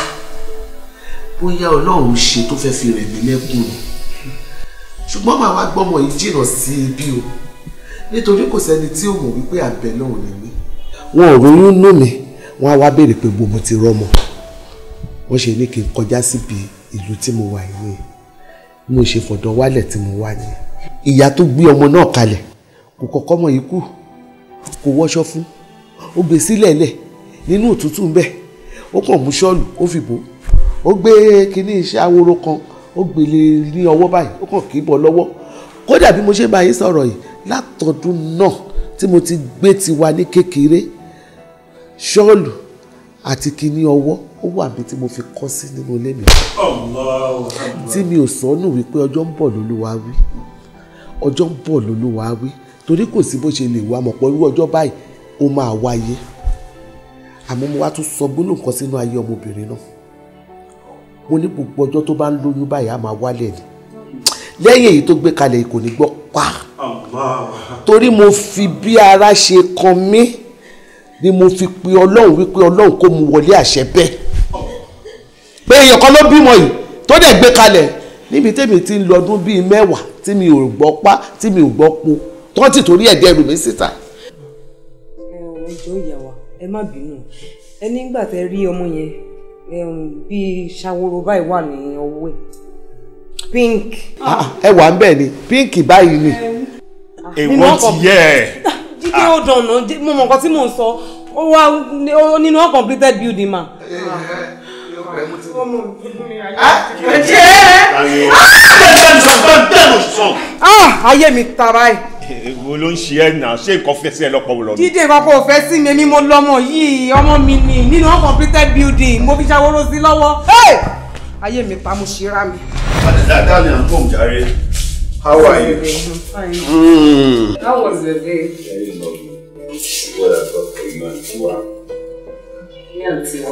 bóyá ọlọ́run ṣe tó fẹ́ fi rẹ̀ mí lẹ́kùn ni ṣùgbọ́n màá wá gbọ́mọ yìí jìnnà sí ibi o nítorí kò sẹ́ni tí ò mọ̀ wípé àgbẹ̀ náà ni mí. wọn ò ronú nù mí wọn á wá béèrè pé gbogbo ti rọmọ wọn ṣe ní kí n kọjá síbi ìlú tí mo wà yìí mo ṣe fọ̀dọ̀ wálẹ̀ tí mo wà yìí ìyá tó gbé ọmọ náà kalẹ̀ kò kọ́kọ́ mọ̀ ikú kò wọṣọ fún ó gbé sílẹ̀ lẹ̀ nínú òtútù ń bẹ̀ ó kàn mú ṣọ́ọ̀lù ó fi bò ó gbé kinní iṣẹ́ aworo kan ó gbélé ní ọwọ́ báyìí ó kàn kì í bọ̀ lọ́wọ́ kódà bí mo ṣe bá yín sọ̀rọ̀ yìí látọ̀dún náà tí mo ti gbé tiwa ní kékeré ṣọ́ọ̀lù àti kinní ọwọ́ ó wà bí tí mo fi kọ́ sí nínú ilé mi tí mi ò sọ́nù wípé ọjọ́ ń bọ̀ lólúwa wí ọjọ́ ń bọ̀ lólúwa wí torí kò sí bó ṣe lè wá mọ̀ pé irú ọjọ́ báyìí ó máa wáyé àmọ́ mo wá tún sọ gbólóhùn kan sínú ayé ọmọbìnrin náà mo ní gbogbo ọjọ́ tó bá ń lóyún báyìí á máa wálẹ̀ ni lẹ́yìn èyí tó gbé kalẹ̀ kò ní gbọ́ pa torí mo fi bí ara ṣe kan mí ni mo fi pe ọlọ́run wípé ọlọ́run kó mu wọlé àṣẹ bẹ́ẹ̀ pé èèyàn kan ló bímọ yìí tó dẹ̀ gbé kalẹ̀ níbi tèmi ti ń lọ ọdún bíi mẹ́wàá tí mi ò gbọ́ pa tí mi ò gbọ́ po tó ti torí ẹ̀dẹ́ ẹrù mi síta. ẹjọ́ ìyá wa ẹ má bínú ẹ nígbà tẹ rí ọmọ yẹn bí ṣàwòrò báyìí wà ní ọwọ́ ẹ̀ pink. Ah, ẹ wà ń bẹ̀ ni pink báyìí ni. èwo ah, ti yẹ ẹ. jíjẹ́ ó dànù mo mọ̀ nǹkan tí mò ń sọ ó wá nínú all completed building ma. Ah, ayé mi tara ẹ̀ wo ló ń ṣe ẹ náà ṣé nǹkan fẹ́ lọ́pọ̀ wò lọ́nà. dídè kọ́kọ́ òfẹ́ sí mi ni mo lọ́mọ yìí ọmọ mi ni nínú uncompleted building mo fi ṣàwòrán sí lọ́wọ́. ayé mi pa mo ṣe ra mi. àdìdá ni à ń kó òjàre how are you. Mm. how was the day. very lovely what i you me and tiwa.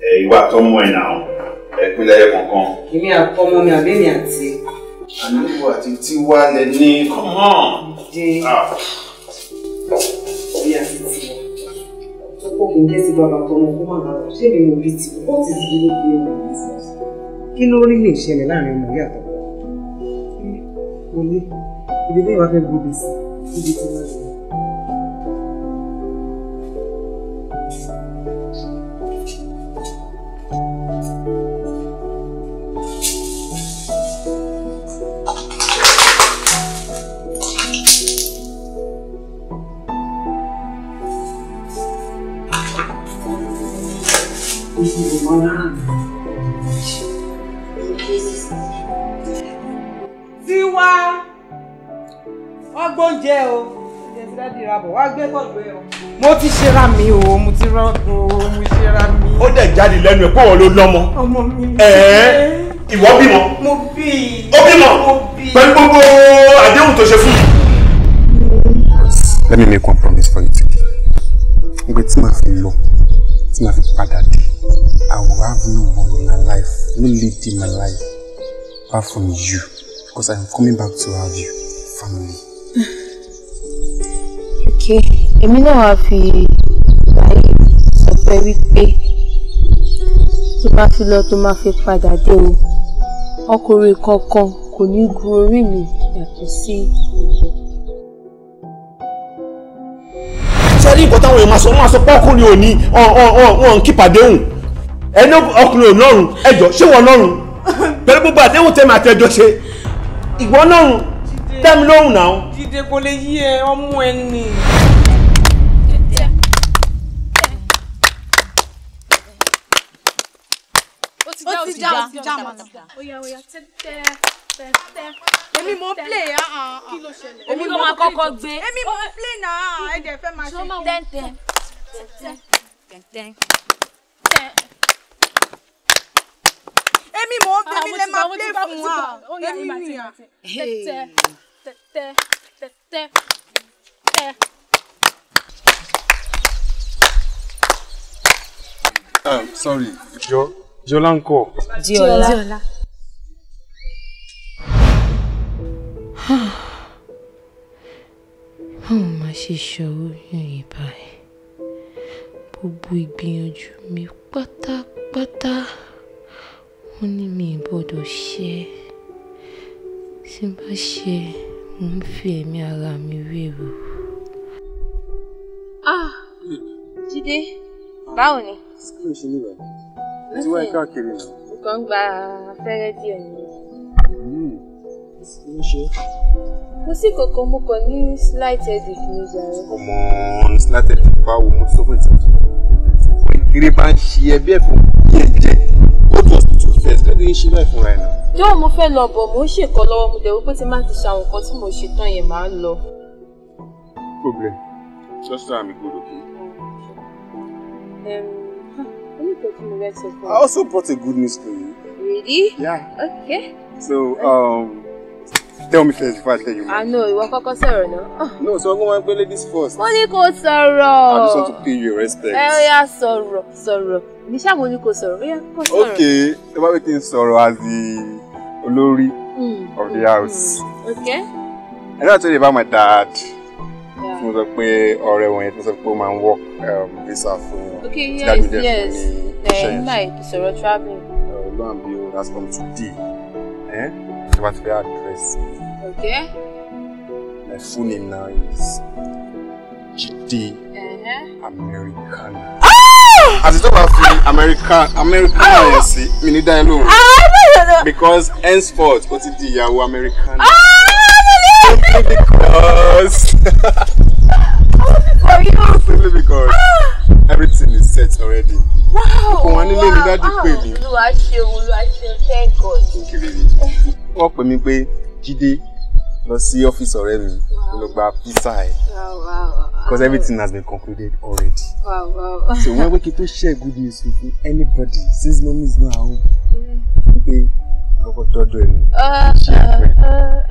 ẹ eh, ìwà tó mú ẹ náà ẹ pínlẹ̀ ẹ kankan. èmi àtọmọ mi àbẹ́mi àti. àníwò àti tiwa lẹ ní. come on dé bí a ti ti ó kì í jẹ́ kí ló rí lè ṣẹlẹ̀ láàrin ọmọ ìyá àtọ̀kọ́? mo ní ibi bẹ́ẹ̀ wá fẹ́ gbóbi sí ibi tí wọ́n lọ. mo ti ṣera mi o mo ti rọ́gbọ̀ mo ṣera mi. ó dẹ̀ jáde lẹ́nu ẹ̀ pé òun ló lọ́mọ. ọmọ mi ni. ẹ̀ẹ́ ìwọ bímọ. mo bí i. ó bímọ. mo bí i. pẹ̀lú gbogbo àdéhùn tó ṣe fún mi. let me make one promise for you today. ìgbé tí màá fi lọ tí màá fi padà dé I will have no one in my life no lady in my life apart from you because I am coming back to have you family ṣe èmi náà wá fi báyìí sọ pé wípé tó bá fi lọ tó máa fi padà dé o ọkùnrin kankan kò ní gun orí mi yàtọ̀ sí ìgbò. sẹ́rí nǹkan táwọn èèyàn máa sọ máa sọ pé ọkùnrin ò ní wọn kí pàdéhùn ẹni ọkùnrin ò lọ́rùn ẹjọ́ ṣé wọ́n lọ́rùn [LAUGHS] pẹ̀lú gbogbo àdéhùn tẹ̀mí àtẹ̀jọ́ ṣe ìwọ lọ́rùn tẹ́ mi lóhùn náà. jíde kò lè yí ẹ ọmú ẹ nì. ó ti já ó ti já màdà. oya oya tẹ́tẹ́ tẹ́tẹ́. èmi mo play èmi mo máa kọ́kọ́ gbé. èmi mo play náà ẹ dẹ̀ fẹ́ máa ṣe. tẹ́ntẹ́ tẹ́ntẹ́ èmi mo ń bẹ́mi lẹ́ máa play fún wa èmi nìyà tẹ ah, Um, sorry, Jọ Jọlá ń kọ́. Jọlá. Jọlá. Báwo máa ṣe ṣòro yìnyín báyìí? Gbogbo ìgbìyànjú mi pátápátá, wọ́n ní mi ìbọ̀dọ̀ ṣe tí n bá ṣe mo ń fi ẹ̀mí ara mi wéèrò. jíde báwo ni. kí ló ṣe níbẹ̀ mo ti wá ẹ káàkiri nù. nǹkan gba afẹ́rẹ́ díẹ̀ ni. kí ló ṣe. mo sì kòkó mo kàn ní slight headache ní ìjà rẹ. ọmọ slight headache báwo mo sọ fún ìtàn kiri máa ń ṣe ẹbí ẹ̀fọ́ yẹn jẹ princess kí fún ẹ náà. jọ́wọ́ mo fẹ́ lọ bọ̀ mò ń ṣèkọ́ mo dẹ̀ wípé tí má ti ṣàwọn nǹkan tí mo ṣe tán yẹn máa ń lọ. problem just tell me good I also brought a good news for you. Really? Yeah. Okay. So, um, tell me first before I tell you. I ah, know, ìwọ kọ́kọ́ sọ̀rọ̀ náà. No, so I'm going to play this first. Wọ́n ní kò sọ̀rọ̀. I just want to pay you respect. Ẹ yeah, yá sọ̀rọ̀ mi ṣáàbò ni kò sọ̀rọ̀ bóyá kò sọ̀rọ̀. ok ẹ bá wí kí n sọ̀rọ̀ as the olórí hmm, of the hmm, house. Hmm. ok. I don't tell you about my dad. mo sọ pé ọ̀rẹ́ wọn yẹn tó sọ pé ó máa ń work um, visa fún wọn. ok yes yes ẹ nígbà ètò sọ̀rọ̀ travelling. Uh, lo and behold has come today. Eh? Ṣé wàá ti fẹ́ address? Ok. My full name now is Jide uh -huh. Americana. Ah! àti tó bá fi America, American yẹn sí mi ní dáyẹ lóhùn ah, because henceforth ó ti di ìyàwó American. Ah, [LAUGHS] Simply because. Simply ah. because everything is set already. Wow! Wow. wọ́n nílé ní dájú pé mi. Olúwa ṣeun, Olúwa ṣeun, thank God. Wọ́n pè mí pé Jídé lọ sí ọ́fíìsì ọ̀rẹ́ mi lọ gba pizza ẹ̀ because everything has been concluded already wow, wow. so wọ́n wékè tó share good news with anybody since mommy is not at home wípé lọ́kọ̀ tọ́jú ẹ̀ ní ṣe àpẹ́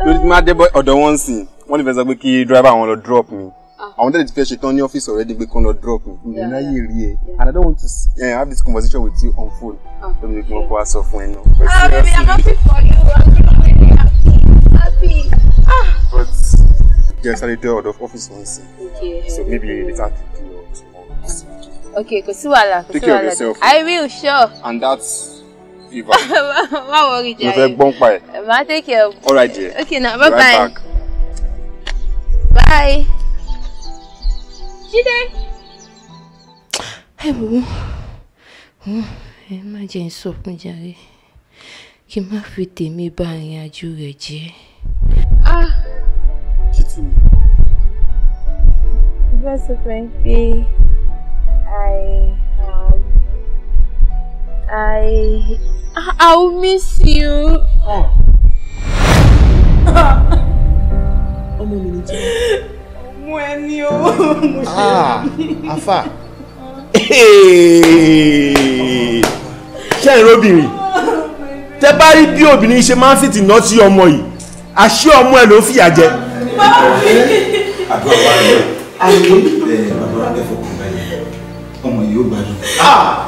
lórí máa dé ọ̀dọ̀ wọn sí wọ́n lè fẹ́ sọ pé kí driver àwọn lọ drop mi ah. àwọn tẹ́lẹ̀ ti fẹ́ ṣetán ní ọ́fíìsì ọ̀rẹ́dì pé kán lọ drop mi ǹjẹ́ náyè rí ẹ and I don't want to uh, have this conversation with you on phone lórí mi kí wọ́n kọ́ wa sọ fún ẹ náà. ah baby I'm happy for you I'm happy happy. Ah. But yes, I do out of office once. Okay. So maybe later I can tomorrow. Okay, kò sí wàhálà, Take care of yourself. I will, sure. And that's Eva. [LAUGHS] Má worry, Jai. Mo fẹ́ gbọ́n pa ẹ̀. take care of. All right, dear. Okay, now bye-bye. Right back. Bye. Jide. Ẹ wo, ẹ má jẹ́ ń sọkún jàre, kí n má fi tèmi bà ìrìn àjò rẹ̀ jẹ́ ṣé tí mi. ìfẹ́ sọ fún I um, I I'll miss you. Oh. Oh my. jẹ́. mo ẹni o mo ṣe é. Ah, afa ṣẹ́yìn lóbìnrin oh, tẹ bá rí bí obìnrin ṣe máa ń fìtì náà sí ọmọ àṣé ọmọ ẹ ló fìyà jẹ. àbúrò wa ni ẹ bàbá wa kẹfọ kò bá yẹ ọmọ yìí ó gbádùn.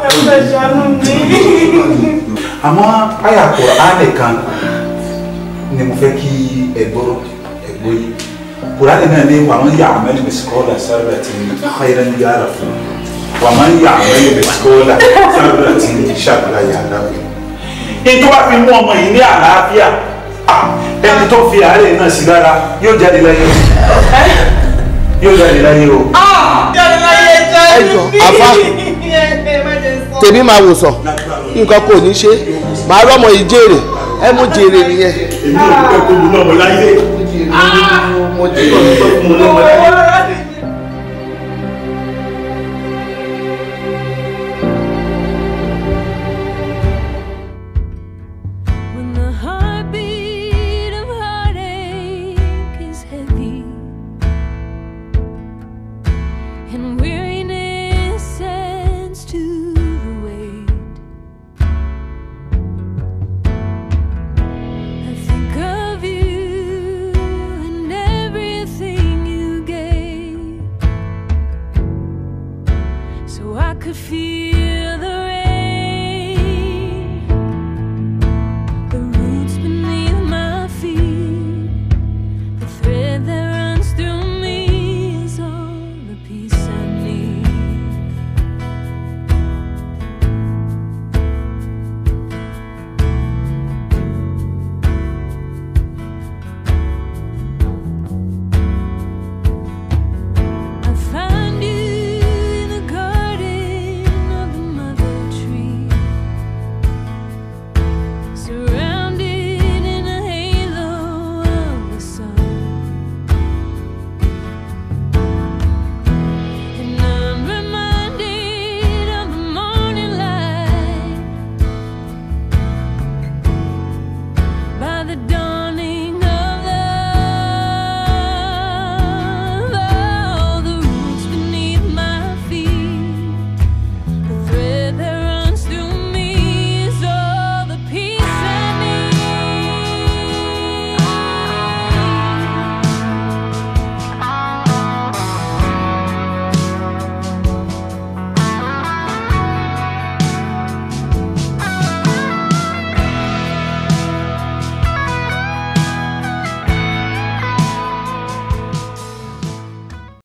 ẹ fẹ́ ṣàánú mi. àmọ́ àyàkọ̀ á nìkan ni mo fẹ́ kí ẹ̀gbọ́rọ̀ ẹ̀gbọ́ yìí kùránì náà ní wàá máa ń yà àmẹ́lì mẹ́sìkọ́lá sábà tí xayira ń yára fún wàá máa ń yà àmẹ́lì mẹ́sìkọ́lá sábà tí ṣàkóla yàrá fún. nítorí wàá fi mú ọmọ yìí ní àlàáfíà Ah, ẹni tó fi àárẹ̀ náà sí lára yóò jáde láyé yóò jáde láyé o. Ah, jáde láyé jáde bí afa tèmi máa wò sàn nǹkan kò ní ṣe màá rọmọ ìjèrè ẹ mú jèrè nìyẹn. èmi ò dúpẹ́ kó mu náà mọ́ láyé. mo jèrè mo lọ́mọ